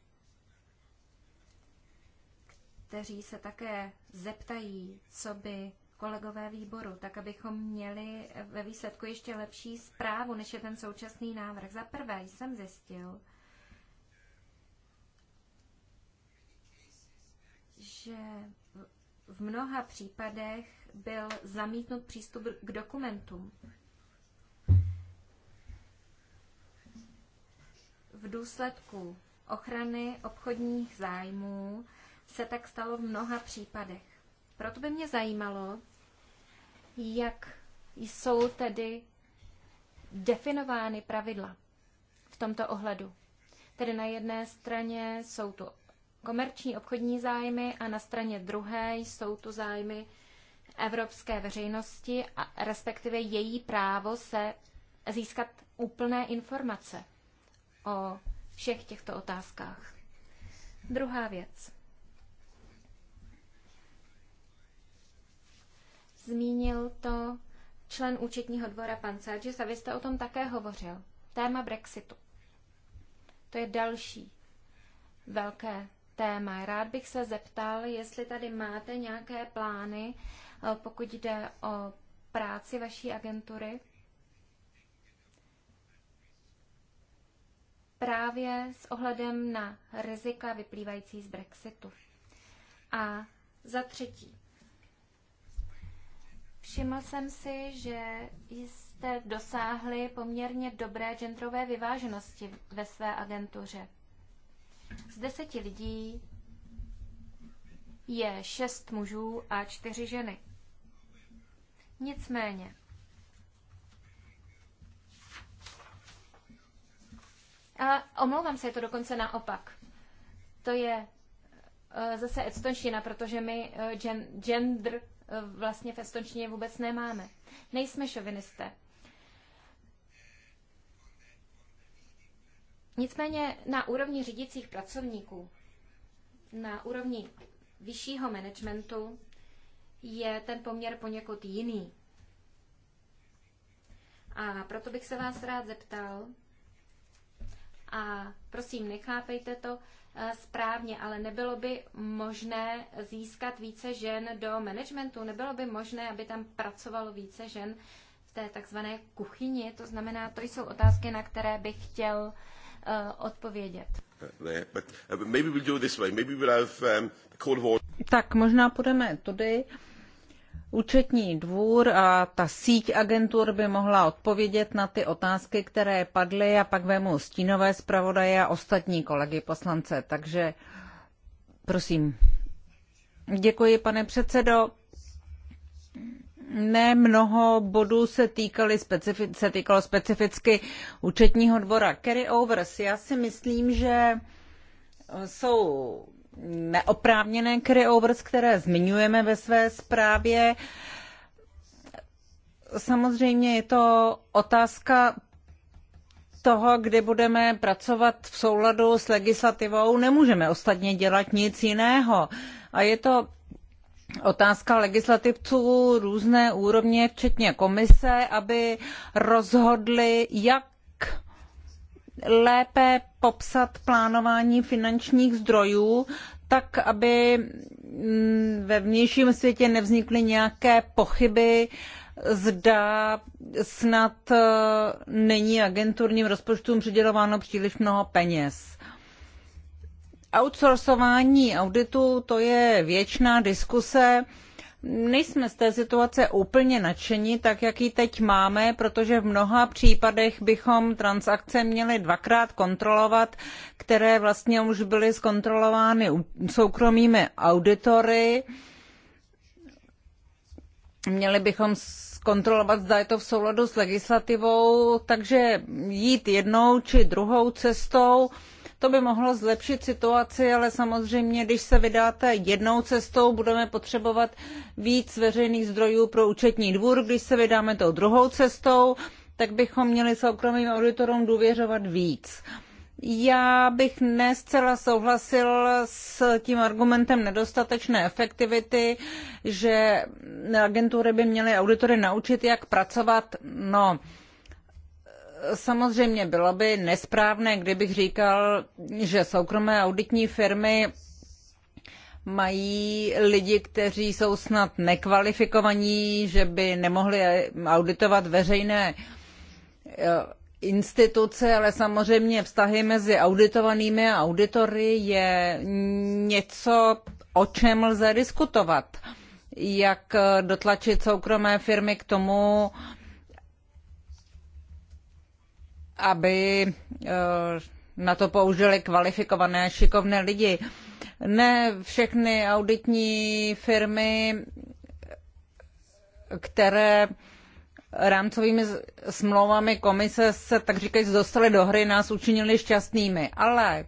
[SPEAKER 4] kteří se také zeptají, co by kolegové výboru, tak abychom měli ve výsledku ještě lepší zprávu, než je ten současný návrh. Za prvé jsem zjistil, že v mnoha případech byl zamítnut přístup k dokumentům. V důsledku ochrany obchodních zájmů se tak stalo v mnoha případech. Proto by mě zajímalo, jak jsou tedy definovány pravidla v tomto ohledu. Tedy na jedné straně jsou to komerční obchodní zájmy a na straně druhé jsou tu zájmy evropské veřejnosti a respektive její právo se získat úplné informace o všech těchto otázkách. Druhá věc. Zmínil to člen účetního dvora pan Sergis a vy jste o tom také hovořil. Téma Brexitu. To je další velké téma. Rád bych se zeptal, jestli tady máte nějaké plány, eh, pokud jde o práci vaší agentury. Právě s ohledem na rizika vyplývající z Brexitu. A za třetí, všiml jsem si, že jste dosáhli poměrně dobré genderové vyváženosti ve své agentuře. Z deseti lidí je šest mužů a čtyři ženy. Nicméně, a omlouvám se, je to dokonce naopak. To je e, zase estonština, protože my e, gender e, vlastně v estonštině vůbec nemáme. Nejsme šovinisté. Nicméně na úrovni řídících pracovníků, na úrovni vyššího managementu je ten poměr poněkud jiný. A proto bych se vás rád zeptal, a prosím, nechápejte to eh, správně, ale nebylo by možné získat více žen do managementu, nebylo by možné, aby tam pracovalo více žen v té takzvané kuchyni. To znamená, to jsou otázky, na které bych chtěl uh, Eh, odpovědět.
[SPEAKER 1] Uh, uh, um,
[SPEAKER 3] tak možná půjdeme tudy. Účetní dvůr a ta síť agentur by mohla odpovědět na ty otázky, které padly a pak vemu stínové zpravodaje a ostatní kolegy poslance. Takže prosím. Děkuji, pane předsedo ne mnoho bodů se, týkali specifi- se týkalo specificky účetního dvora. Kerry overs, já si myslím, že jsou neoprávněné carry overs, které zmiňujeme ve své zprávě. Samozřejmě je to otázka toho, kdy budeme pracovat v souladu s legislativou, nemůžeme ostatně dělat nic jiného. A je to otázka legislativců různé úrovně, včetně komise, aby rozhodli, jak lépe popsat plánování finančních zdrojů, tak aby mm, ve vnějším světě nevznikly nějaké pochyby, zda snad e, není agenturním rozpočtům přidělováno příliš mnoho peněz outsourcování auditu to je věčná diskuse. Nejsme z té situace úplně nadšení, tak jak ji teď máme, protože v mnoha případech bychom transakce měli dvakrát kontrolovat, které vlastně už byly zkontrolovány soukromými auditory. Měli bychom kontrolovat, zda je to v souladu s legislativou, takže jít jednou či druhou cestou to by mohlo zlepšit situaci, ale samozřejmě, když se vydáte jednou cestou, budeme potřebovat víc veřejných zdrojů pro účetní dvůr. Když se vydáme tou druhou cestou, tak bychom měli soukromým auditorům důvěřovat víc. Já bych ne zcela souhlasil s tím argumentem nedostatečné efektivity, že agentury by měly auditory naučit, jak pracovat. No, Samozřejmě bylo by nesprávné, kdybych říkal, že soukromé auditní firmy mají lidi, kteří jsou snad nekvalifikovaní, že by nemohli auditovat veřejné eh, instituce, ale samozřejmě vztahy mezi auditovanými a auditory je něco, o čem lze diskutovat. Jak dotlačit soukromé firmy k tomu, aby eh, na to použili kvalifikované, šikovné lidi. Ne všechny auditní firmy, které rámcovými smlouvami komise se tak říkajíc dostaly do hry, nás učinili šťastnými. Ale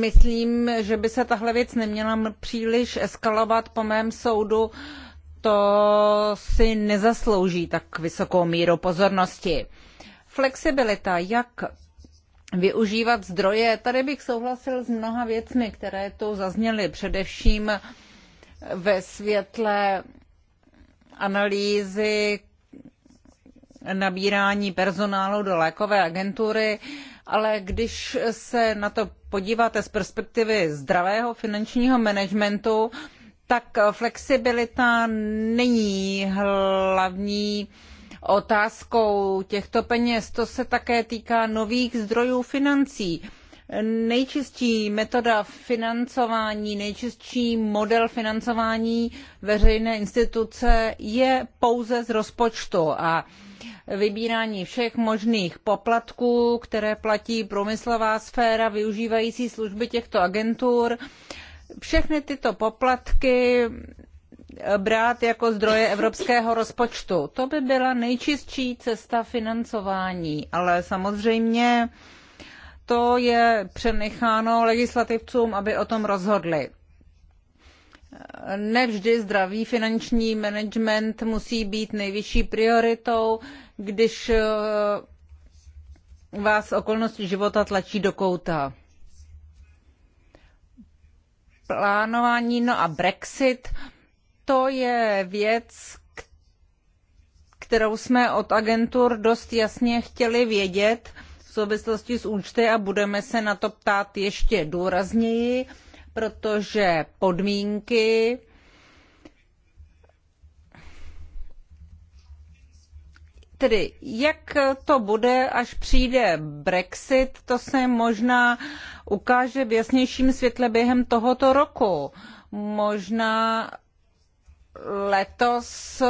[SPEAKER 3] myslím, že by se tahle věc neměla příliš eskalovat po mém soudu. To si nezaslouží tak vysokou míru pozornosti. Flexibilita, jak využívat zdroje. Tady bych souhlasil s mnoha věcmi, které tu zazněly, především ve světle analýzy nabírání personálu do lékové agentury, ale když se na to podíváte z perspektivy zdravého finančního managementu, tak flexibilita není hlavní uh, otázkou těchto peněz. To se také týká nových zdrojů financí. Nejčistší metoda financování, nejčistší model financování veřejné instituce je pouze z rozpočtu a vybírání všech možných poplatků, které platí průmyslová sféra využívající služby těchto agentur. Všechny tyto poplatky brát jako zdroje evropského rozpočtu. To by byla nejčistší cesta financování, ale samozřejmě to je přenecháno legislativcům, aby o tom rozhodli. Nevždy zdravý finanční management musí být nejvyšší prioritou, když eh, vás okolnosti života tlačí do kouta. Plánování, no a Brexit to je věc, kterou jsme od agentur dost jasně chtěli vědět v souvislosti s účty a budeme se na to ptát ještě důrazněji, protože podmínky Tedy jak to bude, až přijde Brexit, to se možná ukáže v jasnějším světle během tohoto roku. Možná letos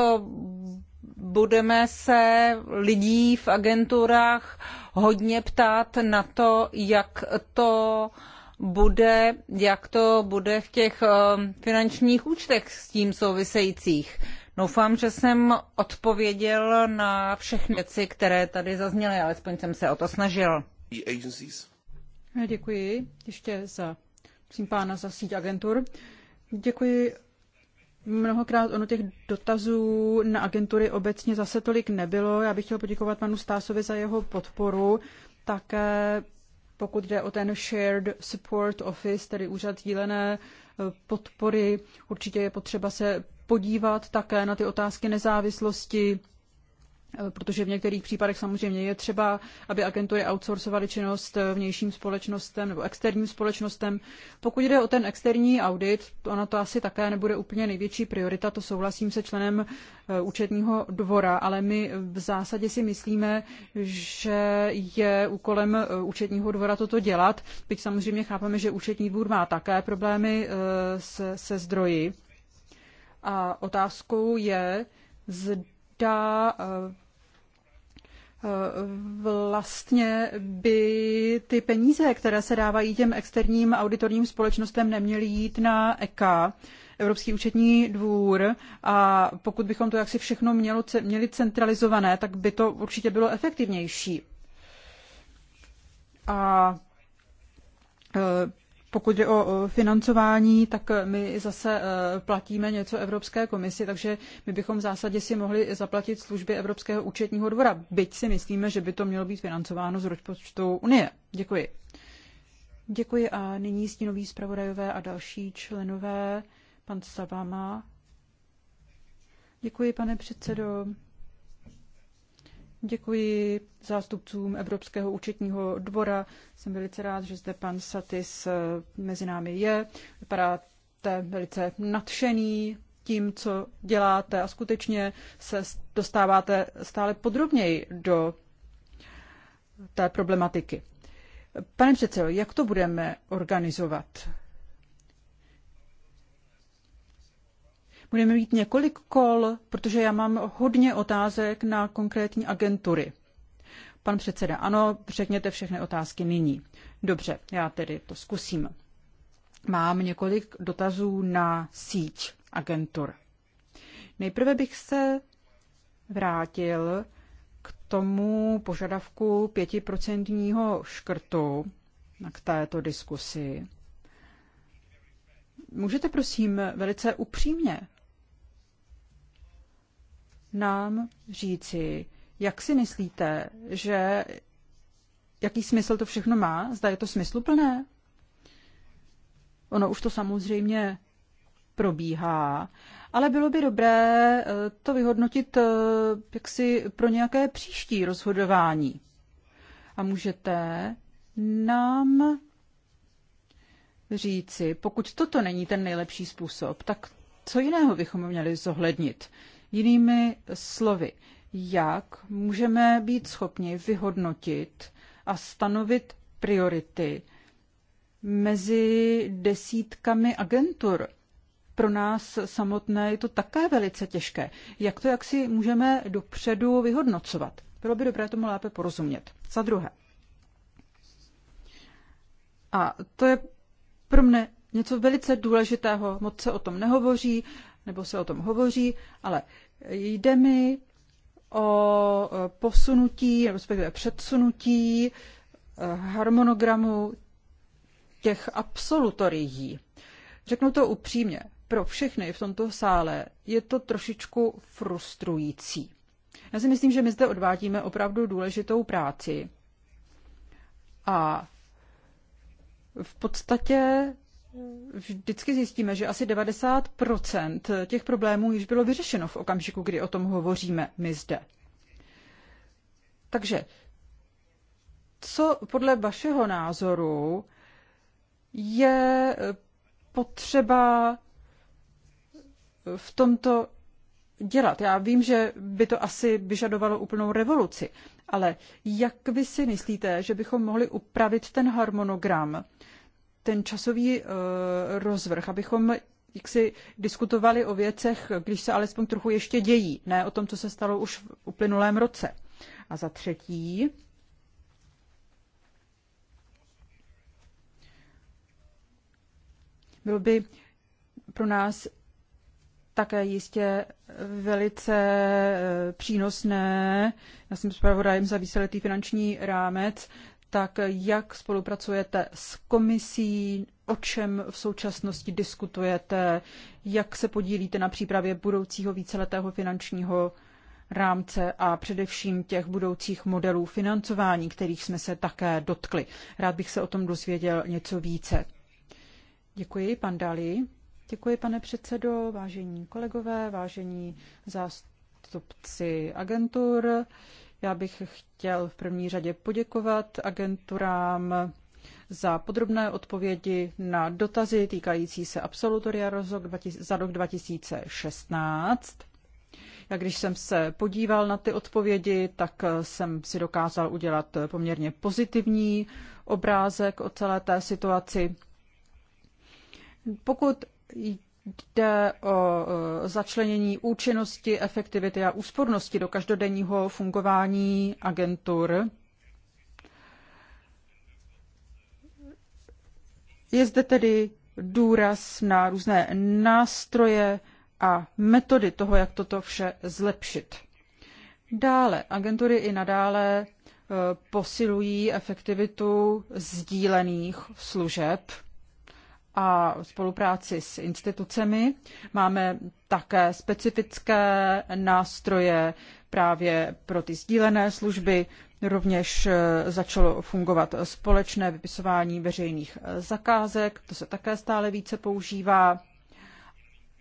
[SPEAKER 3] budeme se lidí v agenturách hodně ptát na to, jak to bude, jak to bude v těch eh, finančních účtech s tím souvisejících. Doufám, že jsem odpověděl na všechny věci, které tady zazněly, alespoň jsem se o to snažil.
[SPEAKER 2] Děkuji ještě za, pána za síť agentur. Děkuji Mnohokrát ono těch dotazů na agentury obecně zase tolik nebylo. Já bych chtěl poděkovat panu Stásovi za jeho podporu. Také pokud jde o ten Shared Support Office, tedy úřad dílené eh, podpory, určitě je potřeba se podívat také na ty otázky nezávislosti Eh, protože v některých případech samozřejmě je třeba, aby agentury outsourcovaly činnost eh, vnějším společnostem nebo externím společnostem. Pokud jde o ten externí audit, ona to asi také nebude úplně největší priorita, to souhlasím se členem eh, účetního dvora, ale my v zásadě si myslíme, že je úkolem účetního dvora toto dělat, byť samozřejmě chápeme, že účetní dvůr má také problémy se, se zdroji. A otázkou je, zda vlastně by ty peníze, které se dávají těm externím auditorním společnostem, neměly jít na EKA, Evropský účetní dvůr a pokud bychom to jaksi všechno mělo, měli centralizované, tak by to určitě bylo efektivnější. A e, pokud je o financování, tak my zase e, platíme něco Evropské komisi, takže my bychom v zásadě si mohli zaplatit služby Evropského účetního dvora, byť si myslíme, že by to mělo být financováno z rozpočtu Unie. Děkuji. Děkuji a nyní stínoví zpravodajové a další členové, pan Savama. Děkuji, pane předsedo. Děkuji zástupcům Evropského účetního dvora. Jsem velice rád, že zde pan Satis eh, mezi námi je. Vypadáte velice nadšený tím, co děláte a skutečně se dostáváte stále podrobněji do té problematiky. Pane předsedo, jak to budeme organizovat? budeme mít několik kol, protože já mám hodně otázek na konkrétní agentury. Pan předseda, ano, řekněte všechny otázky nyní. Dobře, já tedy to zkusím. Mám několik dotazů na síť agentur. Nejprve bych se vrátil k tomu požadavku pětiprocentního škrtu k této diskusi. Můžete prosím velice upřímně nám říci, jak si myslíte, že jaký smysl to všechno má? Zda je to smysluplné? Ono už to samozřejmě probíhá, ale bylo by dobré eh, to vyhodnotit eh, jaksi pro nějaké příští rozhodování. A můžete nám říci, pokud toto není ten nejlepší způsob, tak co jiného bychom měli zohlednit? Jinými slovy, jak můžeme být schopni vyhodnotit a stanovit priority mezi desítkami agentur. Pro nás samotné je to také velice těžké. Jak to, jak si můžeme dopředu vyhodnocovat? Bylo by dobré tomu lépe porozumět. Za druhé. A to je pro mne něco velice důležitého, moc se o tom nehovoří, nebo se o tom hovoří, ale jde mi o posunutí, respektive předsunutí eh, harmonogramu těch absolutorií. Řeknu to upřímně, pro všechny v tomto sále je to trošičku frustrující. Já si myslím, že my zde odvádíme opravdu důležitou práci. A v podstatě vždycky zjistíme, že asi 90% těch problémů již bylo vyřešeno v okamžiku, kdy o tom hovoříme my zde. Takže co podle vašeho názoru je potřeba v tomto dělat? Já vím, že by to asi vyžadovalo úplnou revoluci, ale jak vy si myslíte, že bychom mohli upravit ten harmonogram, ten časový eh, rozvrh, abychom jak si diskutovali o věcech, když se alespoň trochu ještě dějí, ne o tom, co se stalo už v uplynulém roce. A za třetí, bylo by pro nás také jistě velice eh, přínosné, já jsem zpravodajem za výsledný finanční rámec, tak jak spolupracujete s komisí, o čem v současnosti diskutujete, jak se podílíte na přípravě budoucího víceletého finančního rámce a především těch budoucích modelů financování, kterých jsme se také dotkli. Rád bych se o tom dozvěděl něco více. Děkuji, pan Dali. Děkuji, pane předsedo, vážení kolegové, vážení zástupci agentur. Já bych chtěl v první řadě poděkovat agenturám za podrobné odpovědi na dotazy týkající se absolutoria za rok 2016. Já když jsem se podíval na ty odpovědi, tak jsem si dokázal udělat poměrně pozitivní obrázek o celé té situaci. Pokud jde o e, začlenění účinnosti, efektivity a úspornosti do každodenního fungování agentur. Je zde tedy důraz na různé nástroje a metody toho, jak toto vše zlepšit. Dále agentury i nadále e, posilují efektivitu sdílených služeb – a spolupráci s institucemi. Máme také specifické nástroje právě pro ty sdílené služby. Rovněž e, začalo fungovat společné vypisování veřejných e, zakázek, to se také stále více používá.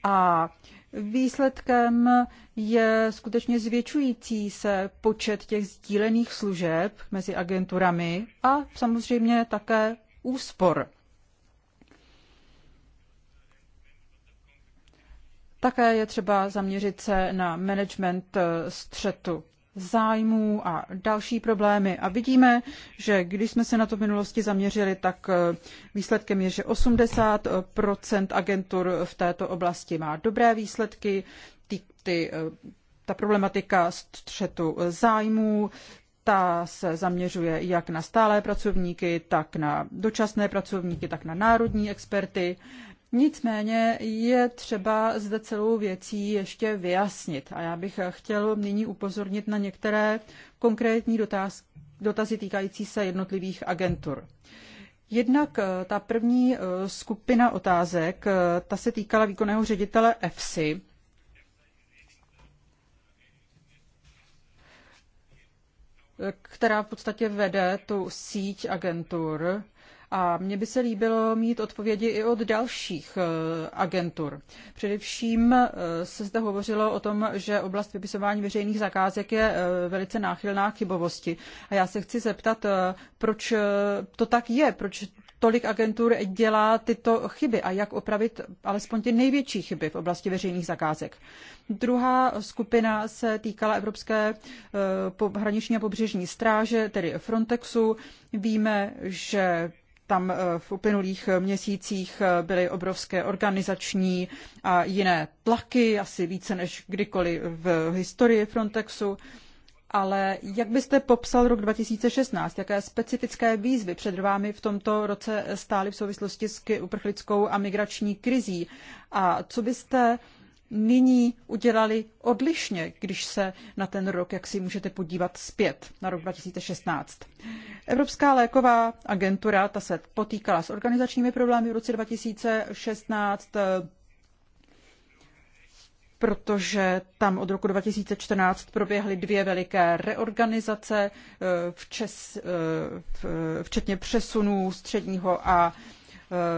[SPEAKER 2] A výsledkem je skutečně zvětšující se počet těch sdílených služeb mezi agenturami a samozřejmě také úspor Také je třeba zaměřit se na management eh, střetu zájmů a další problémy. A vidíme, že když jsme se na to v minulosti zaměřili, tak eh, výsledkem je, že 80 eh, agentur v této oblasti má dobré výsledky. Ty, ty, ta problematika střetu zájmů, ta se zaměřuje jak na stálé pracovníky, tak na dočasné pracovníky, tak na národní experty. Nicméně je třeba zde celou věcí ještě vyjasnit a já bych chtěl nyní upozornit na některé konkrétní dotaz, dotazy týkající se jednotlivých agentur. Jednak eh, ta první eh, skupina otázek, eh, ta se týkala výkonného ředitele EFSI. která v podstatě vede tu síť agentur. A mně by se líbilo mít odpovědi i od dalších eh, agentur. Především eh, se zde hovořilo o tom, že oblast vypisování veřejných zakázek je eh, velice náchylná k chybovosti. A já se chci zeptat, proč to tak je, proč tolik agentur dělá tyto chyby a jak opravit alespoň ty největší chyby v oblasti veřejných zakázek. Druhá skupina se týkala Evropské hraniční a pobřežní stráže, tedy Frontexu. Víme, že tam eh, v uplynulých měsících eh, byly obrovské organizační a jiné tlaky, asi více než kdykoliv v historii Frontexu. Ale jak byste popsal rok 2016? Jaké specifické výzvy před vámi v tomto roce stály v souvislosti s uprchlickou a migrační krizí? A co byste nyní udělali odlišně, když se na ten rok, jak si můžete podívat zpět, na rok 2016. Evropská léková agentura, ta se potýkala s organizačními problémy v roce 2016, protože tam od roku 2014 proběhly dvě veliké reorganizace, eh, včes, eh, eh, včetně přesunů středního a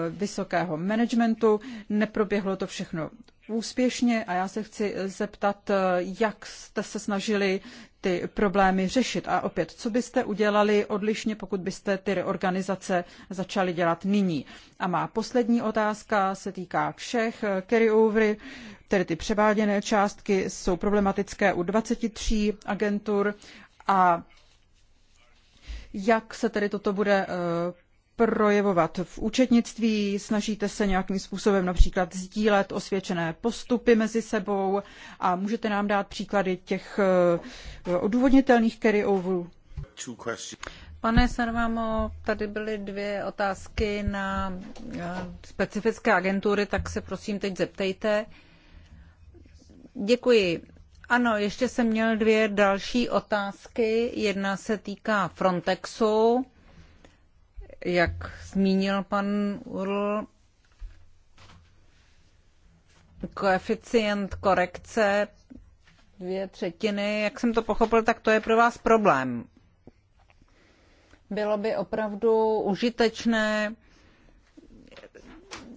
[SPEAKER 2] vysokého managementu. Neproběhlo to všechno úspěšně a já se chci zeptat, eh, jak jste se snažili ty problémy řešit. A opět, co byste udělali odlišně, pokud byste ty reorganizace začali dělat nyní? A má poslední otázka se týká všech eh, carryovery, tedy ty převáděné částky jsou problematické u 23 agentur a jak se tedy toto bude eh, projevovat v účetnictví, snažíte se nějakým způsobem například sdílet osvědčené postupy mezi sebou a můžete nám dát příklady těch eh, odůvodnitelných carry-overů?
[SPEAKER 3] Pane Sarvamo, tady byly dvě otázky na eh, specifické agentury, tak se prosím teď zeptejte. Děkuji. Ano, ještě jsem měl dvě další otázky. Jedna se týká Frontexu jak zmínil pan Url, koeficient korekce dvě třetiny, jak jsem to pochopil, tak to je pro vás problém. Bylo by opravdu užitečné,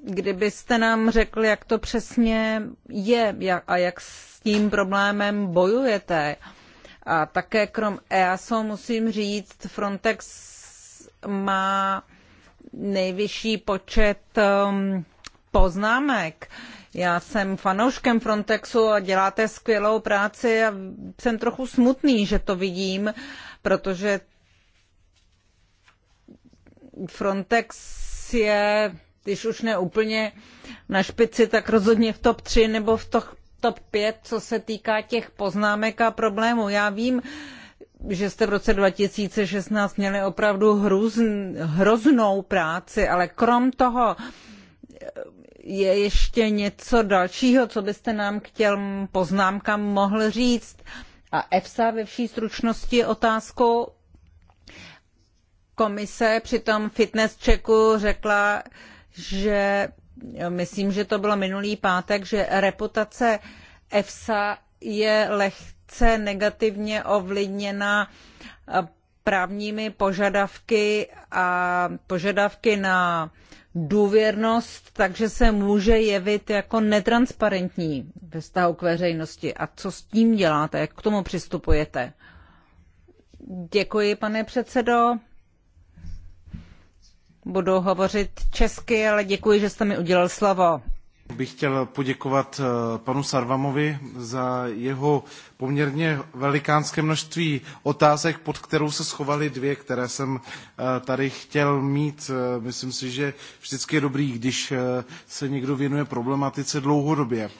[SPEAKER 3] kdybyste nám řekl, jak to přesně je a jak s tím problémem bojujete. A také krom EASO musím říct, Frontex má nejvyšší počet um, poznámek. Já jsem fanouškem Frontexu a děláte skvělou práci a jsem trochu smutný, že to vidím, protože Frontex je, když už ne úplně na špici, tak rozhodně v top 3 nebo v top, top 5, co se týká těch poznámek a problémů. Já vím, že jste v roce 2016 měli opravdu hrůzn, hroznou práci, ale krom toho je ještě něco dalšího, co byste nám k těm poznámkám mohl říct. A EFSA ve vší stručnosti je otázkou. Komise při tom fitness checku řekla, že myslím, že to bylo minulý pátek, že reputace EFSA je lehce lehce negativně ovlivněna eh, právními požadavky a požadavky na důvěrnost, takže se může jevit jako netransparentní ve vztahu k veřejnosti. A co s tím děláte? Jak k tomu přistupujete? Děkuji, pane předsedo. Budu hovořit
[SPEAKER 1] česky, ale děkuji, že jste mi udělal slovo. Bych chtěl poděkovat eh, panu Sarvamovi za jeho poměrně velikánské množství otázek, pod kterou se schovaly dvě, které jsem eh, tady chtěl mít. Eh, myslím si, že vždycky je dobrý, když se někdo věnuje problematice dlouhodobě.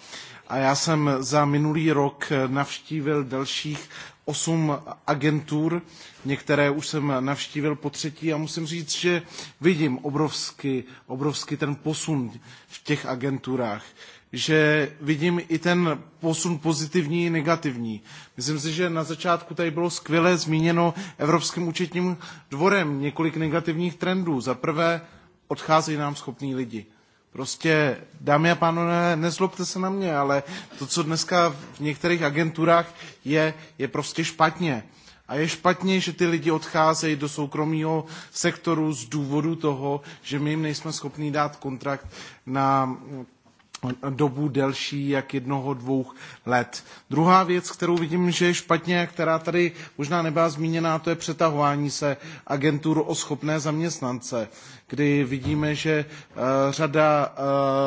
[SPEAKER 1] A já jsem za minulý rok navštívil dalších osm agentur, některé už jsem navštívil po třetí a musím říct, že vidím obrovský, obrovský ten posun v těch agenturách že vidím i ten posun pozitivní i negativní. Myslím si, že na začátku tady bylo skvěle zmíněno Evropským účetním dvorem několik negativních trendů. Za prvé, odcházejí nám schopní lidi. Prostě, dámy a pánové, nezlobte se na mě, ale to, co dneska v některých agenturách je, je prostě špatně. A je špatně, že ty lidi odcházejí do soukromého sektoru z důvodu toho, že my jim nejsme schopni dát kontrakt na dobu delší jak jednoho, dvou let. Druhá věc, kterou vidím, že je špatně, která tady možná nebyla zmíněná, to je přetahování se agentur o schopné zaměstnance, kdy vidíme, že eh, řada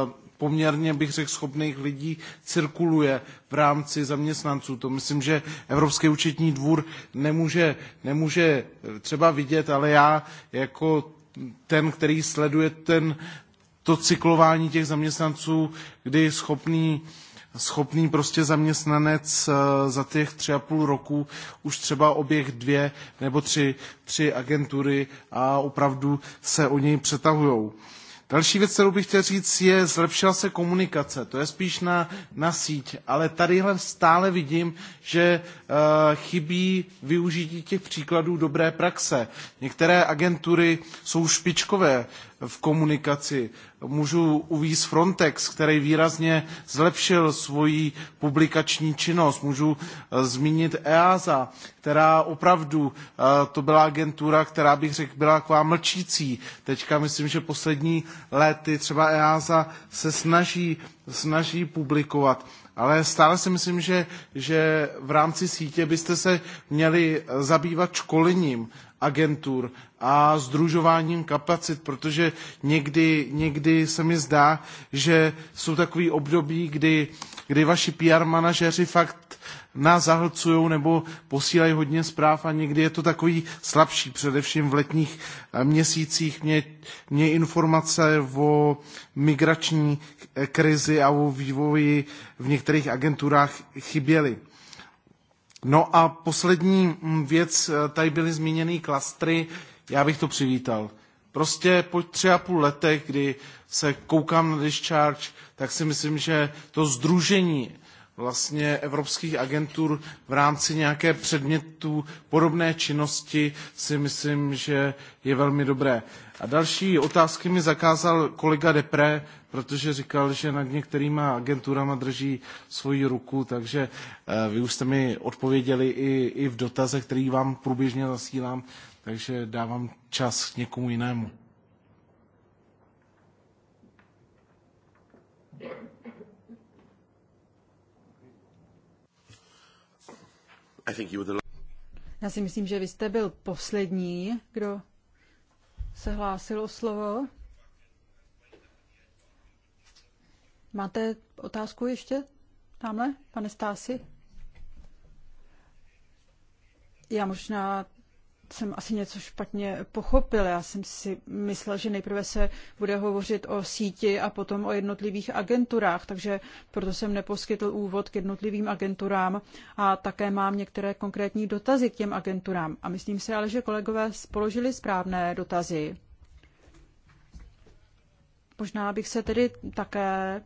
[SPEAKER 1] eh, poměrně, bych řekl, schopných lidí cirkuluje v rámci zaměstnanců. To myslím, že Evropský účetní dvůr nemůže, nemůže třeba vidět, ale já jako ten, který sleduje ten to cyklování těch zaměstnanců, kdy schopný schopný prostě zaměstnanec eh, za těch tři a půl roku už třeba oběh dvě nebo tři, tři agentury a opravdu se o něj přetahujou. Další věc, kterou bych chtěl říct, je zlepšila se komunikace. To je spíš na, na síť, ale tadyhle stále vidím, že e, chybí využití těch příkladů dobré praxe. Některé agentury jsou špičkové v komunikaci. Můžu uvíz Frontex, který výrazně zlepšil svoji publikační činnost. Můžu eh, zmínit EASA, která opravdu eh, to byla agentura, která bych řekl byla taková mlčící. Teďka myslím, že poslední léty třeba EASA se snaží, snaží publikovat. Ale stále si myslím, že, že v rámci sítě byste se měli zabývat školením agentur a združováním kapacit, protože někdy, někdy se mi zdá, že jsou takový období, kdy, kdy vaši PR manažeři fakt nás zahlcují nebo posílají hodně zpráv a někdy je to takový slabší, především v letních eh, měsících. Mě, mě informace o migrační eh, krizi a o vývoji v některých agenturách chyběly. No a poslední mm, věc, eh, tady byly zmíněny klastry, já bych to přivítal. Prostě po tři a půl letech, kdy se koukám na discharge, tak si myslím, že to združení vlastně evropských agentur v rámci nějaké předmětů podobné činnosti si myslím, že je velmi dobré. A další otázky mi zakázal kolega Depré, protože říkal, že nad některýma agenturama drží svoji ruku, takže eh, vy už jste mi odpověděli i, i v dotaze, který vám průběžně zasílám, takže dávám čas někomu jinému.
[SPEAKER 2] Já si myslím, že vy jste byl poslední, kdo se hlásil o slovo. Máte otázku ještě? Tamhle, pane Stási? Já možná jsem asi něco špatně pochopil. Já jsem si myslel, že nejprve se bude hovořit o síti a potom o jednotlivých agenturách, takže proto jsem neposkytl úvod k jednotlivým agenturám a také mám některé konkrétní dotazy k těm agenturám. A myslím si ale, že kolegové spoložili správné dotazy. Možná bych se tedy také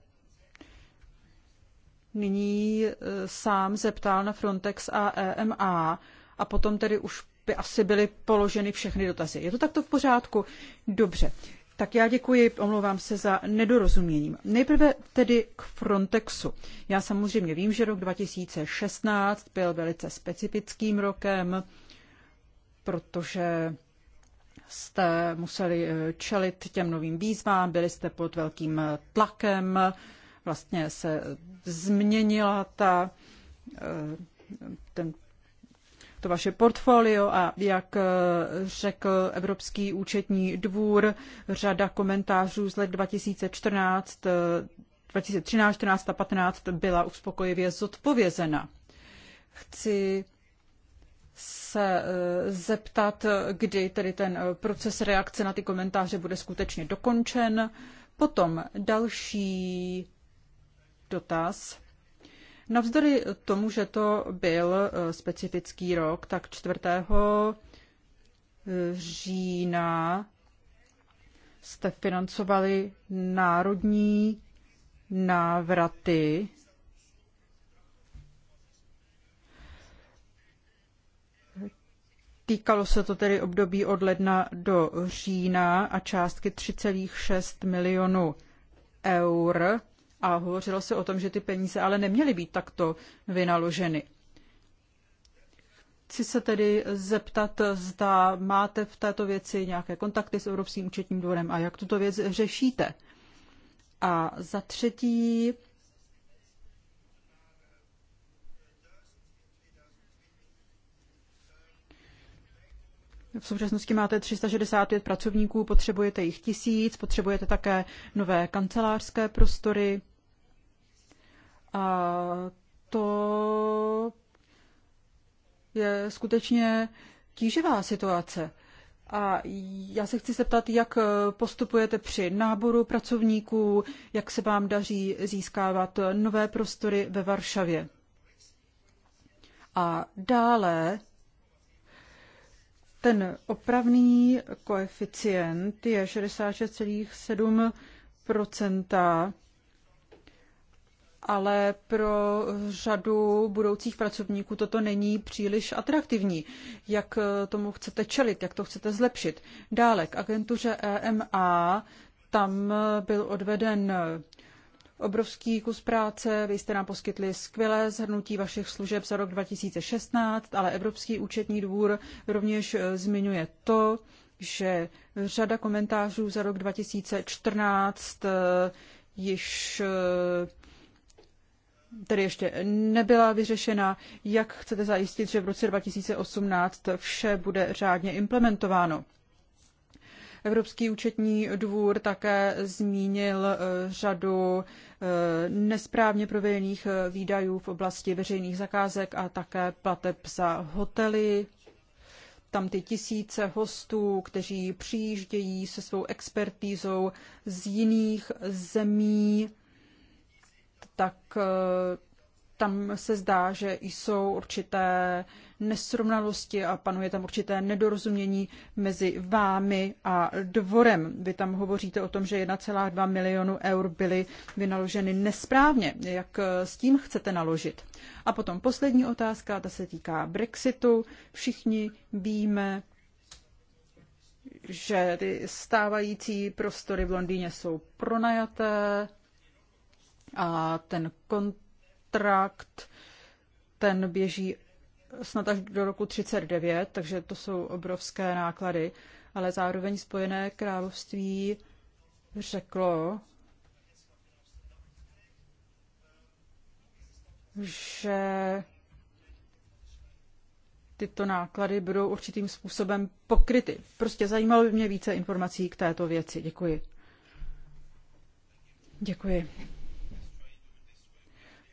[SPEAKER 2] nyní eh, sám zeptal na Frontex a EMA a potom tedy už by asi byly položeny všechny dotazy. Je to takto v pořádku? Dobře. Tak já děkuji, omlouvám se za nedorozuměním. Nejprve tedy k Frontexu. Já samozřejmě vím, že rok 2016 byl velice specifickým rokem, protože jste museli eh, čelit těm novým výzvám, byli jste pod velkým eh, tlakem, vlastně se změnila ta, eh, ten to vaše portfolio a jak eh, řekl Evropský účetní dvůr, řada komentářů z let 2014, 2013, 14 a 15 byla uspokojivě zodpovězena. Chci se eh, zeptat, kdy tedy ten eh, proces reakce na ty komentáře bude skutečně dokončen. Potom další dotaz. Navzdory tomu, že to byl e, specifický rok, tak 4. E, října jste financovali národní návraty Týkalo se to tedy období od ledna do října a částky 3,6 milionu eur a hovořilo se o tom, že ty peníze ale neměly být takto vynaloženy. Chci se tedy zeptat, zda máte v této věci nějaké kontakty s Evropským účetním dvorem a jak tuto věc řešíte. A za třetí, V současnosti máte 365 pracovníků, potřebujete jich tisíc, potřebujete také nové kancelářské prostory. A to je skutečně tíživá situace. A já se chci zeptat, jak postupujete při náboru pracovníků, jak se vám daří získávat nové prostory ve Varšavě. A dále ten opravný koeficient je 66,7 ale pro řadu budoucích pracovníků toto není příliš atraktivní. Jak eh, tomu chcete čelit, jak to chcete zlepšit? Dále k agentuře EMA, tam eh, byl odveden eh, obrovský kus práce. Vy jste nám poskytli skvělé zhrnutí vašich služeb za rok 2016, ale Evropský účetní dvůr rovněž zmiňuje to, že řada komentářů za rok 2014 již tedy ještě nebyla vyřešena. Jak chcete zajistit, že v roce 2018 vše bude řádně implementováno? Evropský účetní dvůr také zmínil eh, řadu eh, nesprávně provedených eh, výdajů v oblasti veřejných zakázek a také plateb za hotely. Tam ty tisíce hostů, kteří přijíždějí se svou expertízou z jiných zemí, tak eh, tam se zdá, že jsou určité nesrovnalosti a panuje tam určité nedorozumění mezi vámi a dvorem. Vy tam hovoříte o tom, že 1,2 milionu eur byly vynaloženy nesprávně. Jak eh, s tím chcete naložit? A potom poslední otázka, ta se týká Brexitu. Všichni víme, že ty stávající prostory v Londýně jsou pronajaté, a ten kontrakt, ten běží snad až do roku 39, takže to jsou obrovské náklady. Ale zároveň Spojené království řeklo, že tyto náklady budou určitým způsobem pokryty. Prostě zajímalo by mě více informací k této věci. Děkuji. Děkuji.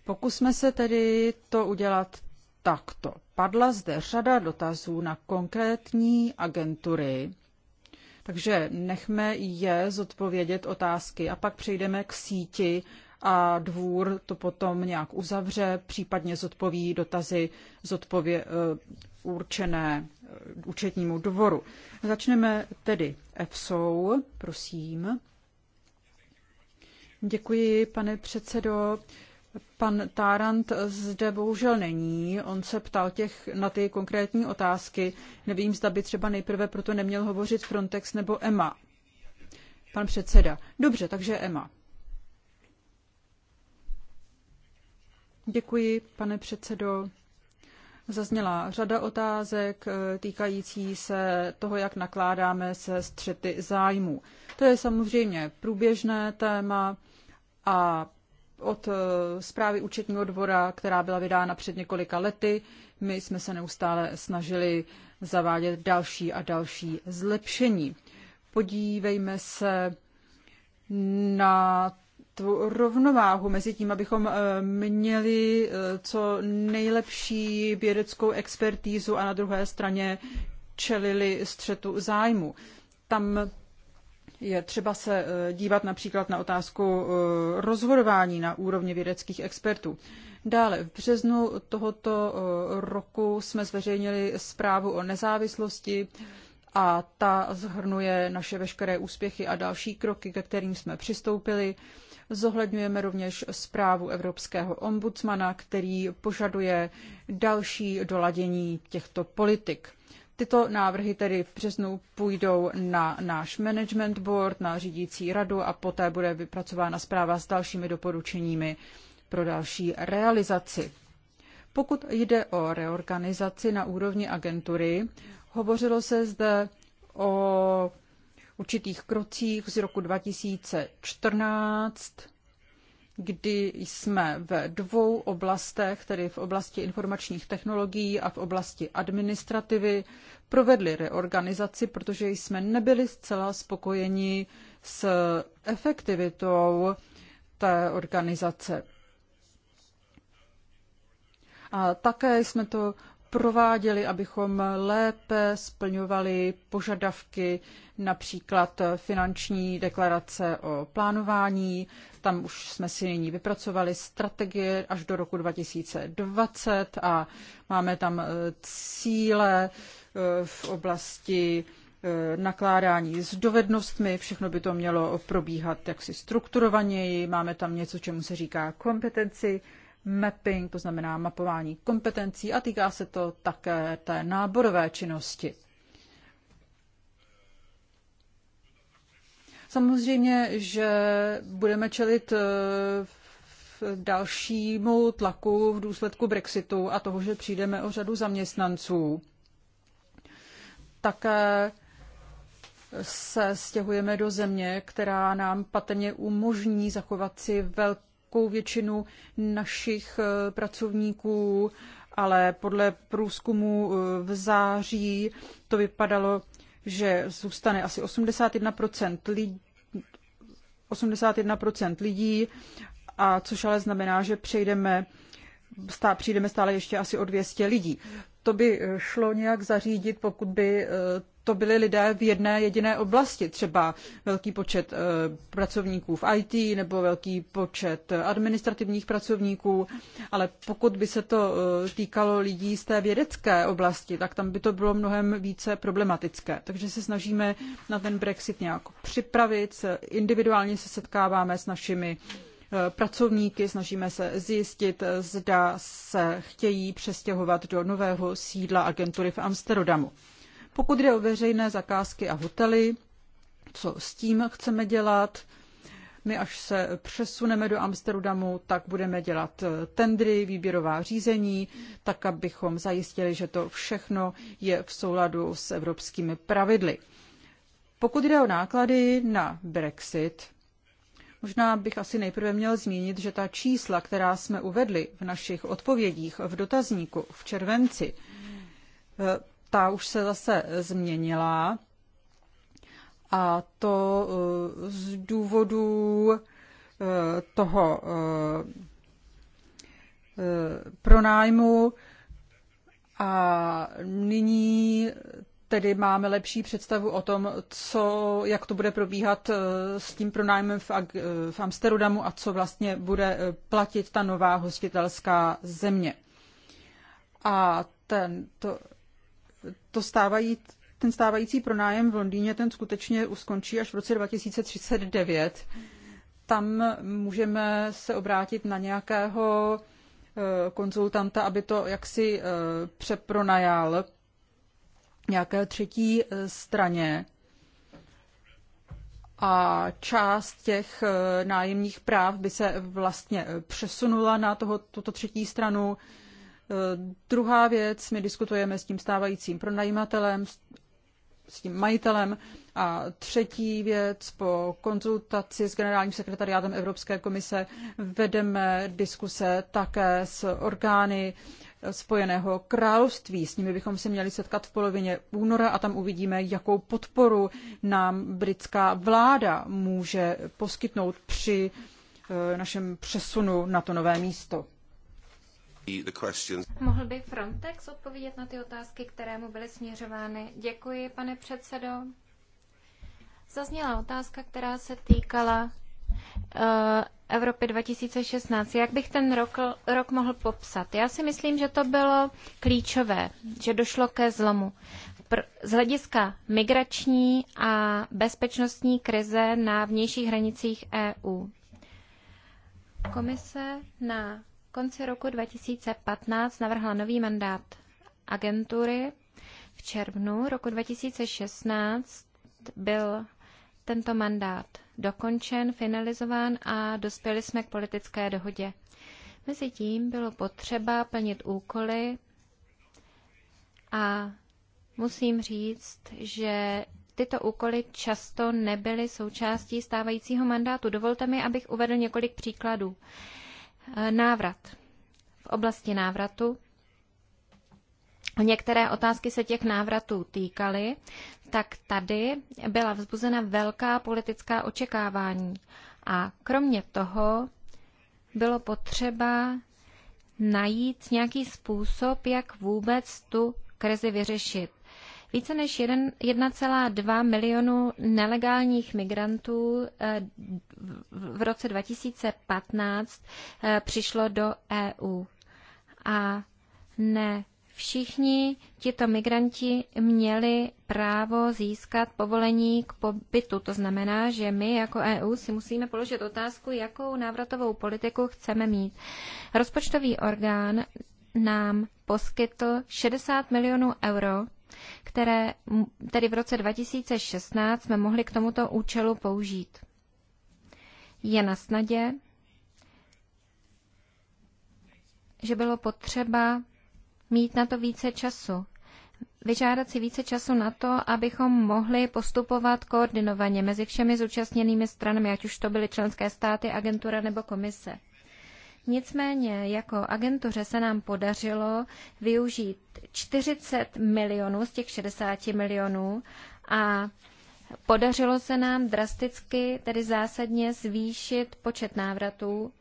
[SPEAKER 2] Pokusme se tedy to udělat takto. Padla zde řada dotazů na konkrétní agentury, takže nechme je zodpovědět otázky a pak přejdeme k síti a dvůr to potom nějak uzavře, případně zodpoví dotazy zodpově, uh, určené eh, účetnímu dvoru. Začneme tedy EFSOU, prosím. Děkuji, pane předsedo. Uh, Pan Tárant zde bohužel není, on se ptal těch, na ty konkrétní otázky. Nevím, zda by třeba nejprve proto neměl hovořit Frontex nebo EMA. Pan předseda. Dobře, takže EMA. Děkuji, pane předsedo. Zazněla řada otázek eh, týkající se toho, jak nakládáme se střety zájmů. To je samozřejmě průběžné téma a od eh, zprávy účetního dvora, která byla vydána před několika lety. My jsme se neustále snažili zavádět další a další zlepšení. Podívejme se na tu rovnováhu mezi tím, abychom eh, měli eh, co nejlepší vědeckou expertízu a na druhé straně čelili střetu zájmu. Tam je třeba se eh, dívat například na otázku eh, rozhodování na úrovni vědeckých expertů. Dále v březnu tohoto eh, roku jsme zveřejnili zprávu o nezávislosti a ta zhrnuje naše veškeré úspěchy a další kroky, ke kterým jsme přistoupili. Zohledňujeme rovněž zprávu Evropského ombudsmana, který požaduje další doladění těchto politik. Tyto návrhy tedy v březnu půjdou na náš management board, na řídící radu a poté bude vypracována zpráva s dalšími doporučeními pro další realizaci. Pokud jde o reorganizaci na úrovni agentury, hovořilo se zde o určitých krocích z roku 2014 kdy jsme ve dvou oblastech, tedy v oblasti informačních technologií a v oblasti administrativy, provedli reorganizaci, protože jsme nebyli zcela spokojeni s efektivitou té organizace. A také jsme to prováděli, abychom lépe splňovali požadavky například finanční deklarace o plánování. Tam už jsme si nyní vypracovali strategie až do roku 2020 a máme tam eh, cíle eh, v oblasti eh, nakládání s dovednostmi, všechno by to mělo probíhat jaksi strukturovaněji, máme tam něco, čemu se říká kompetenci mapping, to znamená mapování kompetencí a týká se to také té náborové činnosti. Samozřejmě, že budeme čelit eh, dalšímu tlaku v důsledku Brexitu a toho, že přijdeme o řadu zaměstnanců. Také se stěhujeme do země, která nám patrně umožní zachovat si velký velkou většinu našich eh, pracovníků, ale podle průzkumu eh, v září to vypadalo, že zůstane asi 81% lidí, 81% lidí, a což ale znamená, že přejdeme, stá, přijdeme stále ještě asi o 200 lidí. To by eh, šlo nějak zařídit, pokud by to byli lidé v jedné jediné oblasti, třeba velký počet eh, pracovníků v IT nebo velký počet administrativních pracovníků, ale pokud by se to eh, týkalo lidí z té vědecké oblasti, tak tam by to bylo mnohem více problematické. Takže se snažíme na ten Brexit nějak připravit, individuálně se setkáváme s našimi eh, pracovníky, snažíme se zjistit, zda se chtějí přestěhovat do nového sídla agentury v Amsterdamu. Pokud jde o veřejné zakázky a hotely, co s tím chceme dělat, my až se přesuneme do Amsterdamu, tak budeme dělat tendry, výběrová řízení, tak abychom zajistili, že to všechno je v souladu s evropskými pravidly. Pokud jde o náklady na Brexit, možná bych asi nejprve měl zmínit, že ta čísla, která jsme uvedli v našich odpovědích v dotazníku v červenci, ta už se zase změnila a to eh, z důvodu eh, toho eh, pronájmu a nyní tedy máme lepší představu o tom, co, jak to bude probíhat s tím pronájmem v, v Amsterdamu a co vlastně bude platit ta nová hostitelská země. A ten, to to stávají, ten stávající pronájem v Londýně, ten skutečně uskončí až v roce 2039. Tam můžeme se obrátit na nějakého eh, konzultanta, aby to jaksi eh, přepronajal nějaké třetí eh, straně. A část těch nájemních práv by se vlastně přesunula na toho, tuto třetí stranu. Eh, druhá věc, my diskutujeme s tím stávajícím pronajímatelem, s tím majitelem. A třetí věc, po konzultaci s generálním sekretariátem Evropské komise vedeme diskuse také s orgány Spojeného království. S nimi bychom se měli setkat v polovině února a tam uvidíme, jakou podporu nám britská vláda může poskytnout při eh, našem přesunu na to nové místo.
[SPEAKER 4] Mohl by Frontex odpovědět na ty otázky, které mu byly směřovány? Děkuji, pane předsedo. Zazněla otázka, která se týkala uh, Evropy 2016. Jak bych ten rok, rok mohl popsat? Já si myslím, že to bylo klíčové, že došlo ke zlomu. Z hlediska migrační a bezpečnostní krize na vnějších hranicích EU. Komise na konci roku 2015 navrhla nový mandát agentury. V červnu roku 2016 byl tento mandát dokončen, finalizován a dospěli jsme k politické dohodě. Mezitím bylo potřeba plnit úkoly a musím říct, že tyto úkoly často nebyly součástí stávajícího mandátu. Dovolte mi, abych uvedl několik příkladů. Eh, návrat. V oblasti návratu Některé otázky se těch návratů týkaly, tak tady byla vzbuzena velká politická očekávání. A kromě toho bylo potřeba najít nějaký způsob, jak vůbec tu krizi vyřešit. Více než 1,2 milionu nelegálních migrantů eh, v roce 2015 eh, přišlo do EU. A ne všichni tito migranti měli právo získat povolení k pobytu. To znamená, že my jako EU si musíme položit otázku, jakou návratovou politiku chceme mít. Rozpočtový orgán nám poskytl 60 milionů euro které tedy v roce 2016 jsme mohli k tomuto účelu použít. Je na snadě, že bylo potřeba mít na to více času, vyžádat si více času na to, abychom mohli postupovat koordinovaně mezi všemi zúčastněnými stranami, ať už to byly členské státy, agentura nebo komise. Nicméně jako agentuře se nám podařilo využít 40 milionů z těch 60 milionů a podařilo se nám drasticky, tedy zásadně zvýšit počet návratů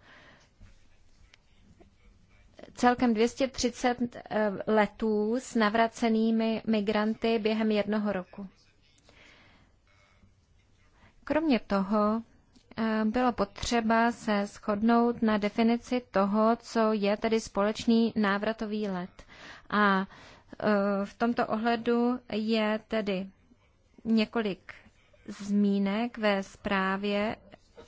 [SPEAKER 4] celkem 230 eh, letů s navracenými migranty během jednoho roku. Kromě toho bylo potřeba se shodnout na definici toho, co je tedy společný návratový let. A e, v tomto ohledu je tedy několik zmínek ve zprávě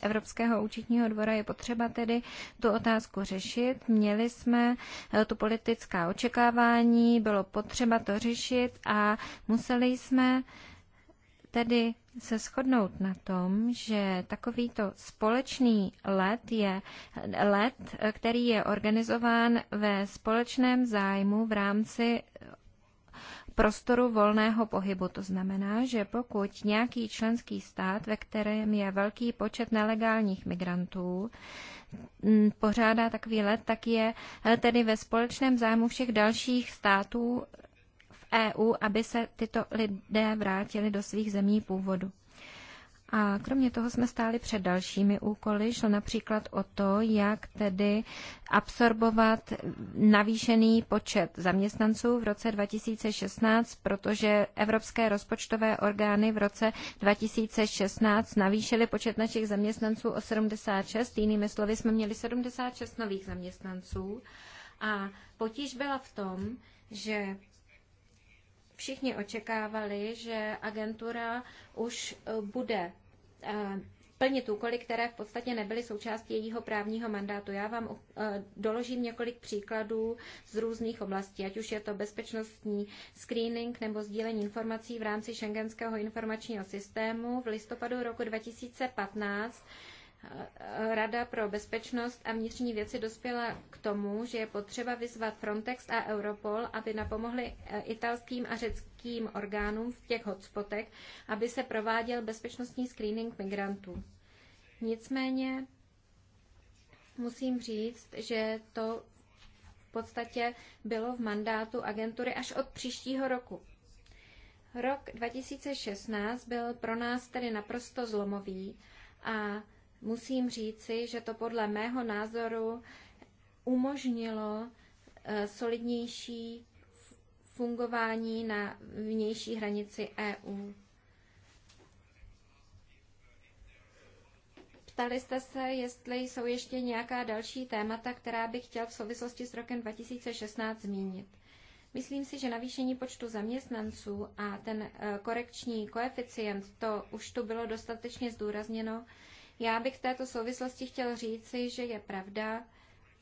[SPEAKER 4] Evropského účetního dvora je potřeba tedy tu otázku řešit. Měli jsme e, tu politická očekávání, bylo potřeba to řešit a museli jsme tedy se shodnout na tom, že takovýto společný let je let, který je organizován ve společném zájmu v rámci prostoru volného pohybu. To znamená, že pokud nějaký členský stát, ve kterém je velký počet nelegálních migrantů, pořádá takový let, tak je tedy ve společném zájmu všech dalších států EU, aby se tyto lidé vrátili do svých zemí původu. A kromě toho jsme stáli před dalšími úkoly. Šlo například o to, jak tedy absorbovat navýšený počet zaměstnanců v roce 2016, protože evropské rozpočtové orgány v roce 2016 navýšily počet našich zaměstnanců o 76. Jinými slovy jsme měli 76 nových zaměstnanců. A potíž byla v tom, že Všichni očekávali, že agentura už eh, bude eh, plnit úkoly, které v podstatě nebyly součástí jejího právního mandátu. Já vám eh, doložím několik příkladů z různých oblastí, ať už je to bezpečnostní screening nebo sdílení informací v rámci šengenského informačního systému. V listopadu roku 2015 Rada pro bezpečnost a vnitřní věci dospěla k tomu, že je potřeba vyzvat Frontex a Europol, aby napomohli eh, italským a řeckým orgánům v těch hotspotech, aby se prováděl bezpečnostní screening migrantů. Nicméně musím říct, že to v podstatě bylo v mandátu agentury až od příštího roku. Rok 2016 byl pro nás tedy naprosto zlomový a musím říci, že to podle mého názoru umožnilo eh, solidnější fungování na vnější hranici EU. Ptali jste se, jestli jsou ještě nějaká další témata, která bych chtěl v souvislosti s rokem 2016 zmínit. Myslím si, že navýšení počtu zaměstnanců a ten eh, korekční koeficient, to už tu bylo dostatečně zdůrazněno já bych v této souvislosti chtěl říci, že je pravda,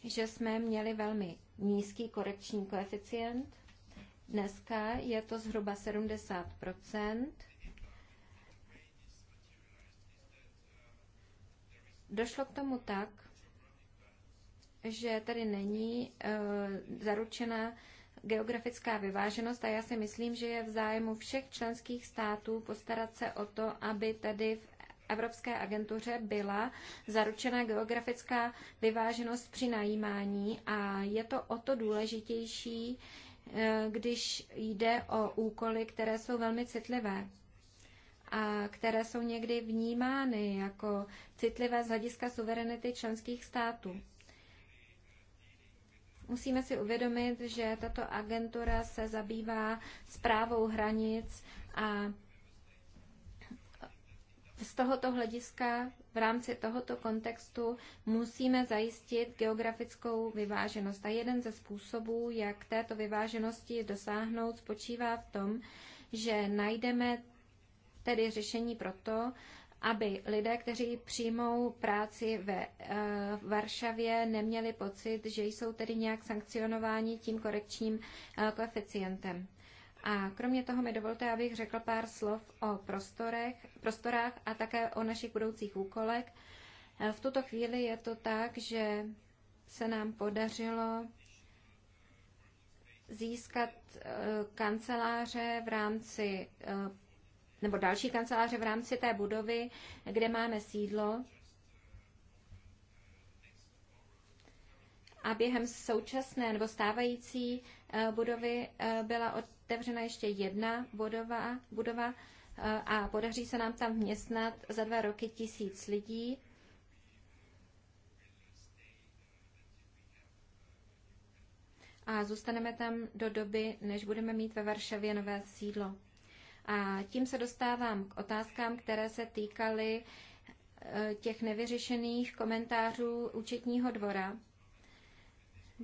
[SPEAKER 4] že jsme měli velmi nízký korekční koeficient. Dneska je to zhruba 70 Došlo k tomu tak, že tady není e, zaručena geografická vyváženost a já si myslím, že je v zájmu všech členských států postarat se o to, aby tedy v Evropské agentuře byla zaručena geografická vyváženost při najímání a je to o to důležitější, eh, když jde o úkoly, které jsou velmi citlivé a které jsou někdy vnímány jako citlivé z hlediska suverenity členských států. Musíme si uvědomit, že tato agentura se zabývá zprávou hranic a z tohoto hlediska v rámci tohoto kontextu musíme zajistit geografickou vyváženost. A jeden ze způsobů, jak této vyváženosti dosáhnout, spočívá v tom, že najdeme tedy řešení pro to, aby lidé, kteří přijmou práci ve eh, v Varšavě, neměli pocit, že jsou tedy nějak sankcionováni tím korekčním eh, koeficientem. A kromě toho mi dovolte, abych řekl pár slov o prostorech, prostorách a také o našich budoucích úkolech. V tuto chvíli je to tak, že se nám podařilo získat eh, kanceláře v rámci, eh, nebo další kanceláře v rámci té budovy, kde máme sídlo. A během současné nebo stávající eh, budovy byla od otevřena ještě jedna budova, budova eh, a podaří se nám tam vměstnat za dva roky tisíc lidí. A zůstaneme tam do doby, než budeme mít ve Varšavě nové sídlo. A tím se dostávám k otázkám, které se týkaly eh, těch nevyřešených komentářů účetního dvora.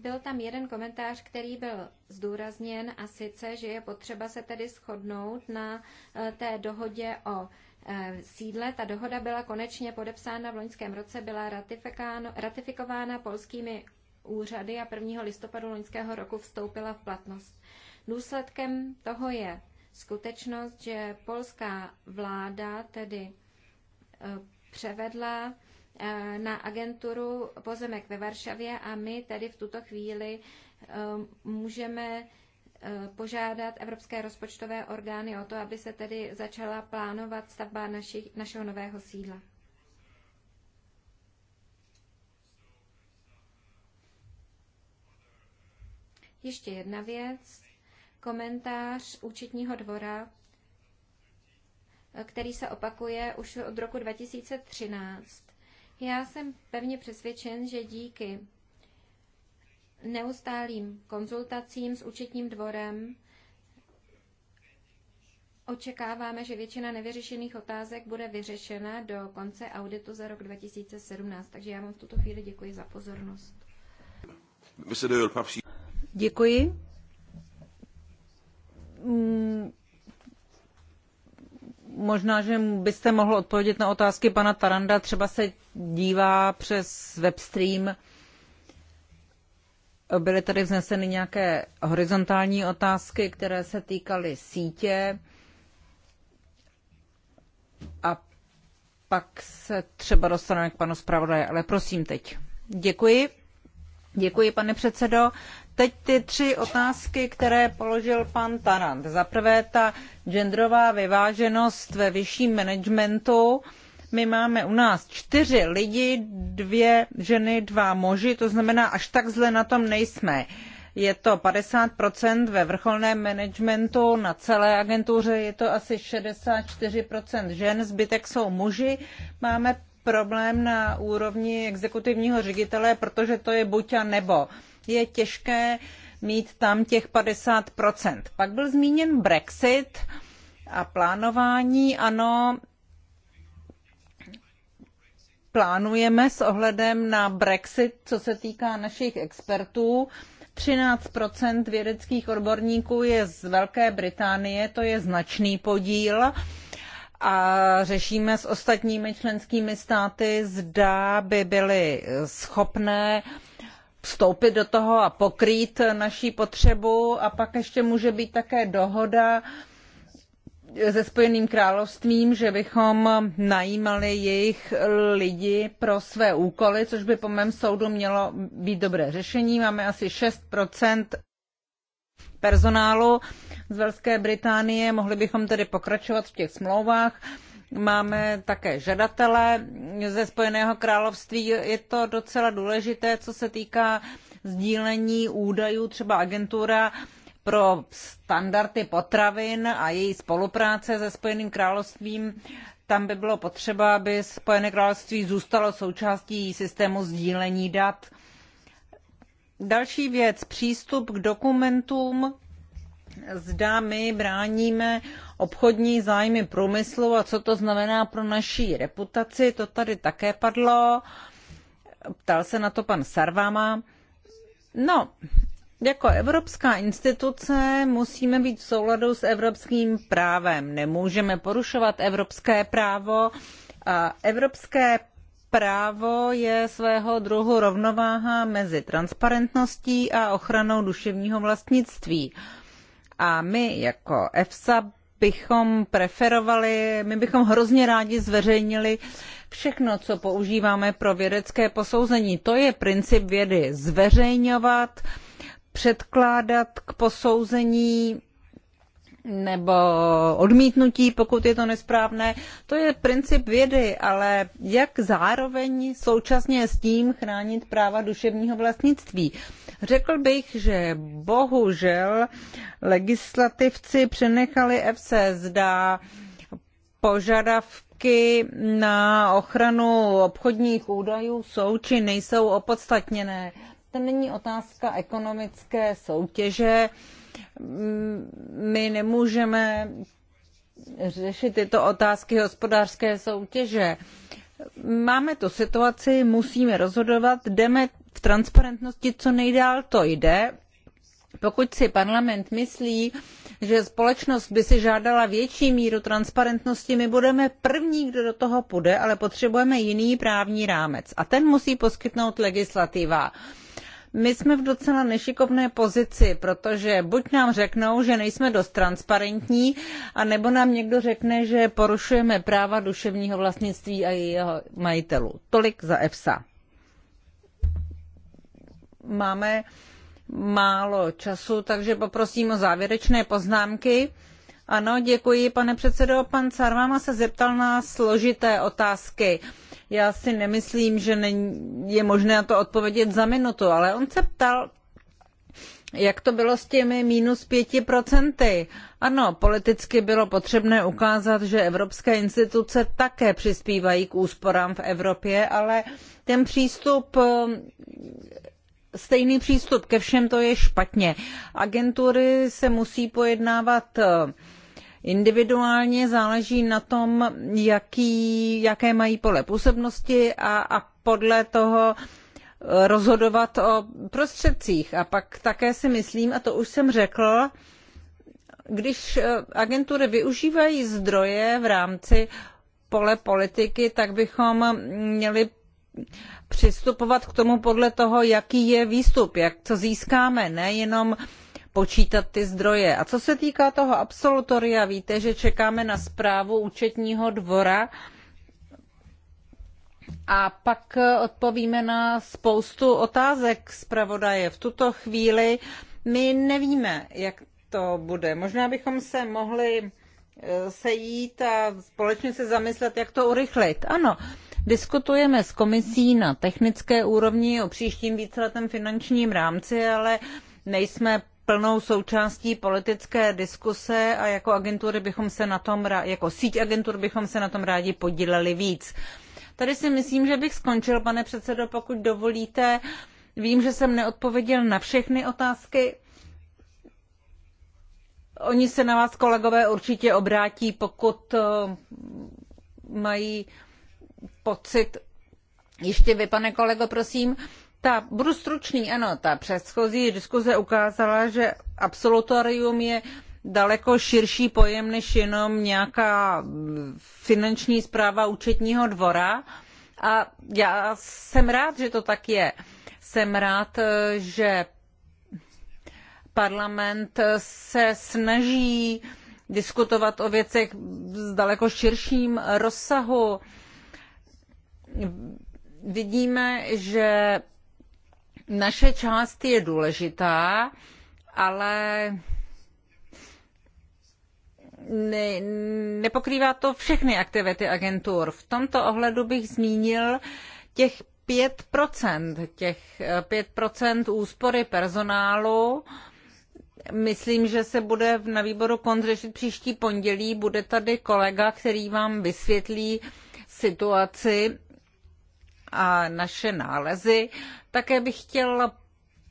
[SPEAKER 4] Byl tam jeden komentář, který byl zdůrazněn a sice, že je potřeba se tedy shodnout na eh, té dohodě o eh, sídle. Ta dohoda byla konečně podepsána v loňském roce, byla ratifikována polskými úřady a 1. listopadu loňského roku vstoupila v platnost. Důsledkem toho je skutečnost, že polská vláda tedy eh, převedla Eh, na agenturu Pozemek ve Varšavě a my tedy v tuto chvíli eh, můžeme eh, požádat evropské rozpočtové orgány o to, aby se tedy začala plánovat stavba naši, našeho nového sídla. Ještě jedna věc, komentář účetního dvora, který se opakuje už od roku 2013. Já jsem pevně přesvědčen, že díky neustálým konzultacím s účetním dvorem očekáváme, že většina nevyřešených otázek bude vyřešena do konce auditu za rok 2017. Takže já vám v tuto chvíli děkuji za pozornost.
[SPEAKER 3] Děkuji.
[SPEAKER 4] Mm,
[SPEAKER 3] Možná, že byste mohl odpovědět na otázky pana Taranda, třeba se dívá přes webstream. Byly tady vzneseny nějaké horizontální otázky, které se týkaly sítě. A pak se třeba dostaneme k panu zpravodaji, ale prosím teď. Děkuji. Děkuji, pane předsedo. Teď ty tři otázky, které položil pan Tarant. Za prvé ta genderová vyváženost ve vyšším managementu. My máme u nás čtyři lidi, dvě ženy, dva muži, to znamená, až tak zle na tom nejsme. Je to 50% ve vrcholném managementu, na celé agentuře je to asi 64% žen, zbytek jsou muži. Máme problém na úrovni exekutivního ředitele, protože to je buď a nebo. Je těžké mít tam těch 50%. Pak byl zmíněn Brexit a plánování. Ano, plánujeme s ohledem na Brexit, co se týká našich expertů. 13 vědeckých odborníků je z Velké Británie, to je značný podíl a řešíme s ostatními členskými státy, zda by byly schopné vstoupit do toho a pokrýt naší potřebu a pak ještě může být také dohoda se Spojeným královstvím, že bychom najímali jejich lidi pro své úkoly, což by po mém soudu mělo být dobré řešení. Máme asi 6 personálu z Velské Británie. Mohli bychom tedy pokračovat v těch smlouvách. Máme také žadatele ze Spojeného království. Je to docela důležité, co se týká sdílení údajů, třeba agentura pro standardy potravin a její spolupráce se Spojeným královstvím. Tam by bylo potřeba, aby Spojené království zůstalo součástí systému sdílení dat Další věc, přístup k dokumentům. Zda my bráníme obchodní zájmy průmyslu a co to znamená pro naší reputaci, to tady také padlo. Ptal se na to pan Sarvama. No, jako evropská instituce musíme být v souladu s evropským právem. Nemůžeme porušovat evropské právo a evropské právo je svého druhu rovnováha mezi transparentností a ochranou duševního vlastnictví. A my jako EFSA bychom preferovali, my bychom hrozně rádi zveřejnili všechno, co používáme pro vědecké posouzení. To je princip vědy. Zveřejňovat, předkládat k posouzení nebo odmítnutí, pokud je to nesprávné. To je princip vědy, ale jak zároveň současně s tím chránit práva duševního vlastnictví? Řekl bych, že bohužel legislativci přenechali FC zda požadavky na ochranu obchodních údajů jsou či nejsou opodstatněné. To není otázka ekonomické soutěže, my nemůžeme řešit tyto otázky hospodářské soutěže. Máme tu situaci, musíme rozhodovat, jdeme v transparentnosti, co nejdál to jde. Pokud si parlament myslí, že společnost by si žádala větší míru transparentnosti, my budeme první, kdo do toho půjde, ale potřebujeme jiný právní rámec. A ten musí poskytnout legislativa. My jsme v docela nešikovné pozici, protože buď nám řeknou, že nejsme dost transparentní, anebo nám někdo řekne, že porušujeme práva duševního vlastnictví a jeho majitelů. Tolik za EFSA. Máme málo času, takže poprosím o závěrečné poznámky. Ano, děkuji, pane předsedo. Pan Sarvama se zeptal na složité otázky. Já si nemyslím, že není, je možné to odpovědět za minutu, ale on se ptal, jak to bylo s těmi minus pěti procenty? Ano, politicky bylo potřebné ukázat, že evropské instituce také přispívají k úsporám v Evropě, ale ten přístup, stejný přístup ke všem, to je špatně. Agentury se musí pojednávat individuálně, záleží na tom, jaký, jaké mají pole působnosti a, a podle toho rozhodovat o prostředcích. A pak také si myslím, a to už jsem řekl, když eh, agentury využívají zdroje v rámci pole politiky, tak bychom měli přistupovat k tomu podle toho, jaký je výstup, jak co získáme, nejenom počítat ty zdroje. A co se týká toho absolutoria, víte, že čekáme na zprávu účetního dvora a pak eh, odpovíme na spoustu otázek zpravodaje. V tuto chvíli my nevíme, jak to bude. Možná bychom se mohli eh, sejít a společně se zamyslet, jak to urychlit. Ano, diskutujeme s komisí na technické úrovni o příštím víceletém finančním rámci, ale nejsme plnou součástí politické diskuse a jako agentury bychom se na tom, jako síť agentur bychom se na tom rádi podíleli víc. Tady si myslím, že bych skončil, pane předsedo, pokud dovolíte. Vím, že jsem neodpověděl na všechny otázky. Oni se na vás, kolegové, určitě obrátí, pokud eh, mají pocit. Ještě vy, pane kolego, prosím ta, budu stručný, ano, ta předchozí diskuze ukázala, že absolutorium je daleko širší pojem než jenom nějaká finanční zpráva účetního dvora. A já jsem rád, že to tak je. Jsem rád, že parlament se snaží diskutovat o věcech s daleko širším rozsahu. Vidíme, že naše část je důležitá, ale ne, nepokrývá to všechny aktivity agentur. V tomto ohledu bych zmínil těch 5%, těch 5% eh, úspory personálu. Myslím, že se bude na výboru kontřešit příští pondělí. Bude tady kolega, který vám vysvětlí situaci a naše nálezy. Také bych chtěla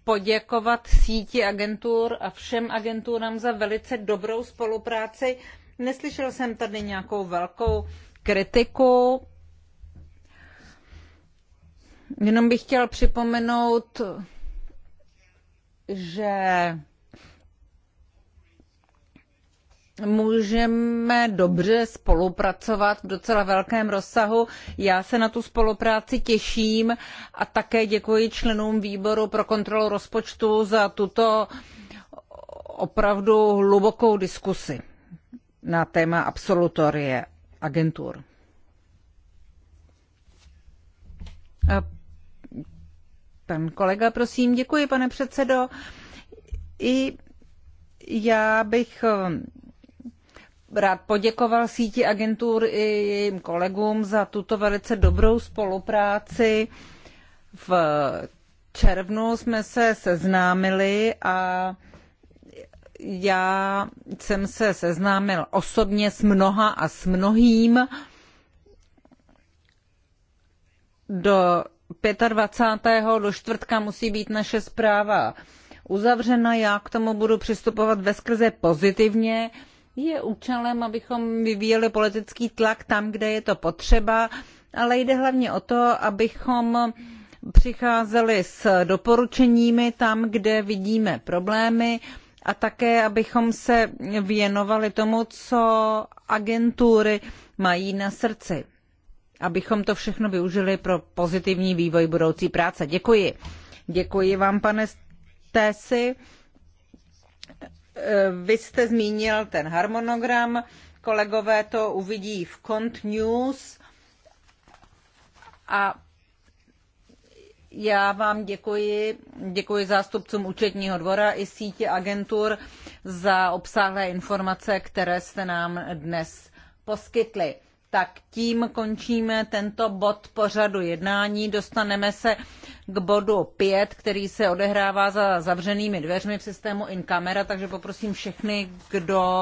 [SPEAKER 3] poděkovat síti agentur a všem agenturám za velice dobrou spolupráci. Neslyšel jsem tady nějakou velkou kritiku. Jenom bych chtěl připomenout, že můžeme dobře spolupracovat v docela velkém rozsahu. Já se na tu spolupráci těším a také děkuji členům výboru pro kontrolu rozpočtu za tuto opravdu hlubokou diskusi na téma absolutorie agentur. pan kolega, prosím, děkuji, pane předsedo. I já bych rád poděkoval síti agentur i jejím kolegům za tuto velice dobrou spolupráci. V červnu jsme se seznámili a já jsem se seznámil osobně s mnoha a s mnohým. Do 25. do čtvrtka musí být naše zpráva uzavřena. Já k tomu budu přistupovat veskrze pozitivně je účelem, abychom vyvíjeli politický tlak tam, kde je to potřeba, ale jde hlavně o to, abychom přicházeli s doporučeními tam, kde vidíme problémy a také, abychom se věnovali tomu, co agentury mají na srdci. Abychom to všechno využili pro pozitivní vývoj budoucí práce. Děkuji. Děkuji vám, pane Stesi. Vy jste zmínil ten harmonogram, kolegové to uvidí v Cont News a já vám děkuji, děkuji zástupcům účetního dvora i sítě agentur za obsáhlé informace, které jste nám dnes poskytli tak tím končíme tento bod pořadu jednání. Dostaneme se k bodu 5, který se odehrává za zavřenými dveřmi v systému in camera, takže poprosím všechny, kdo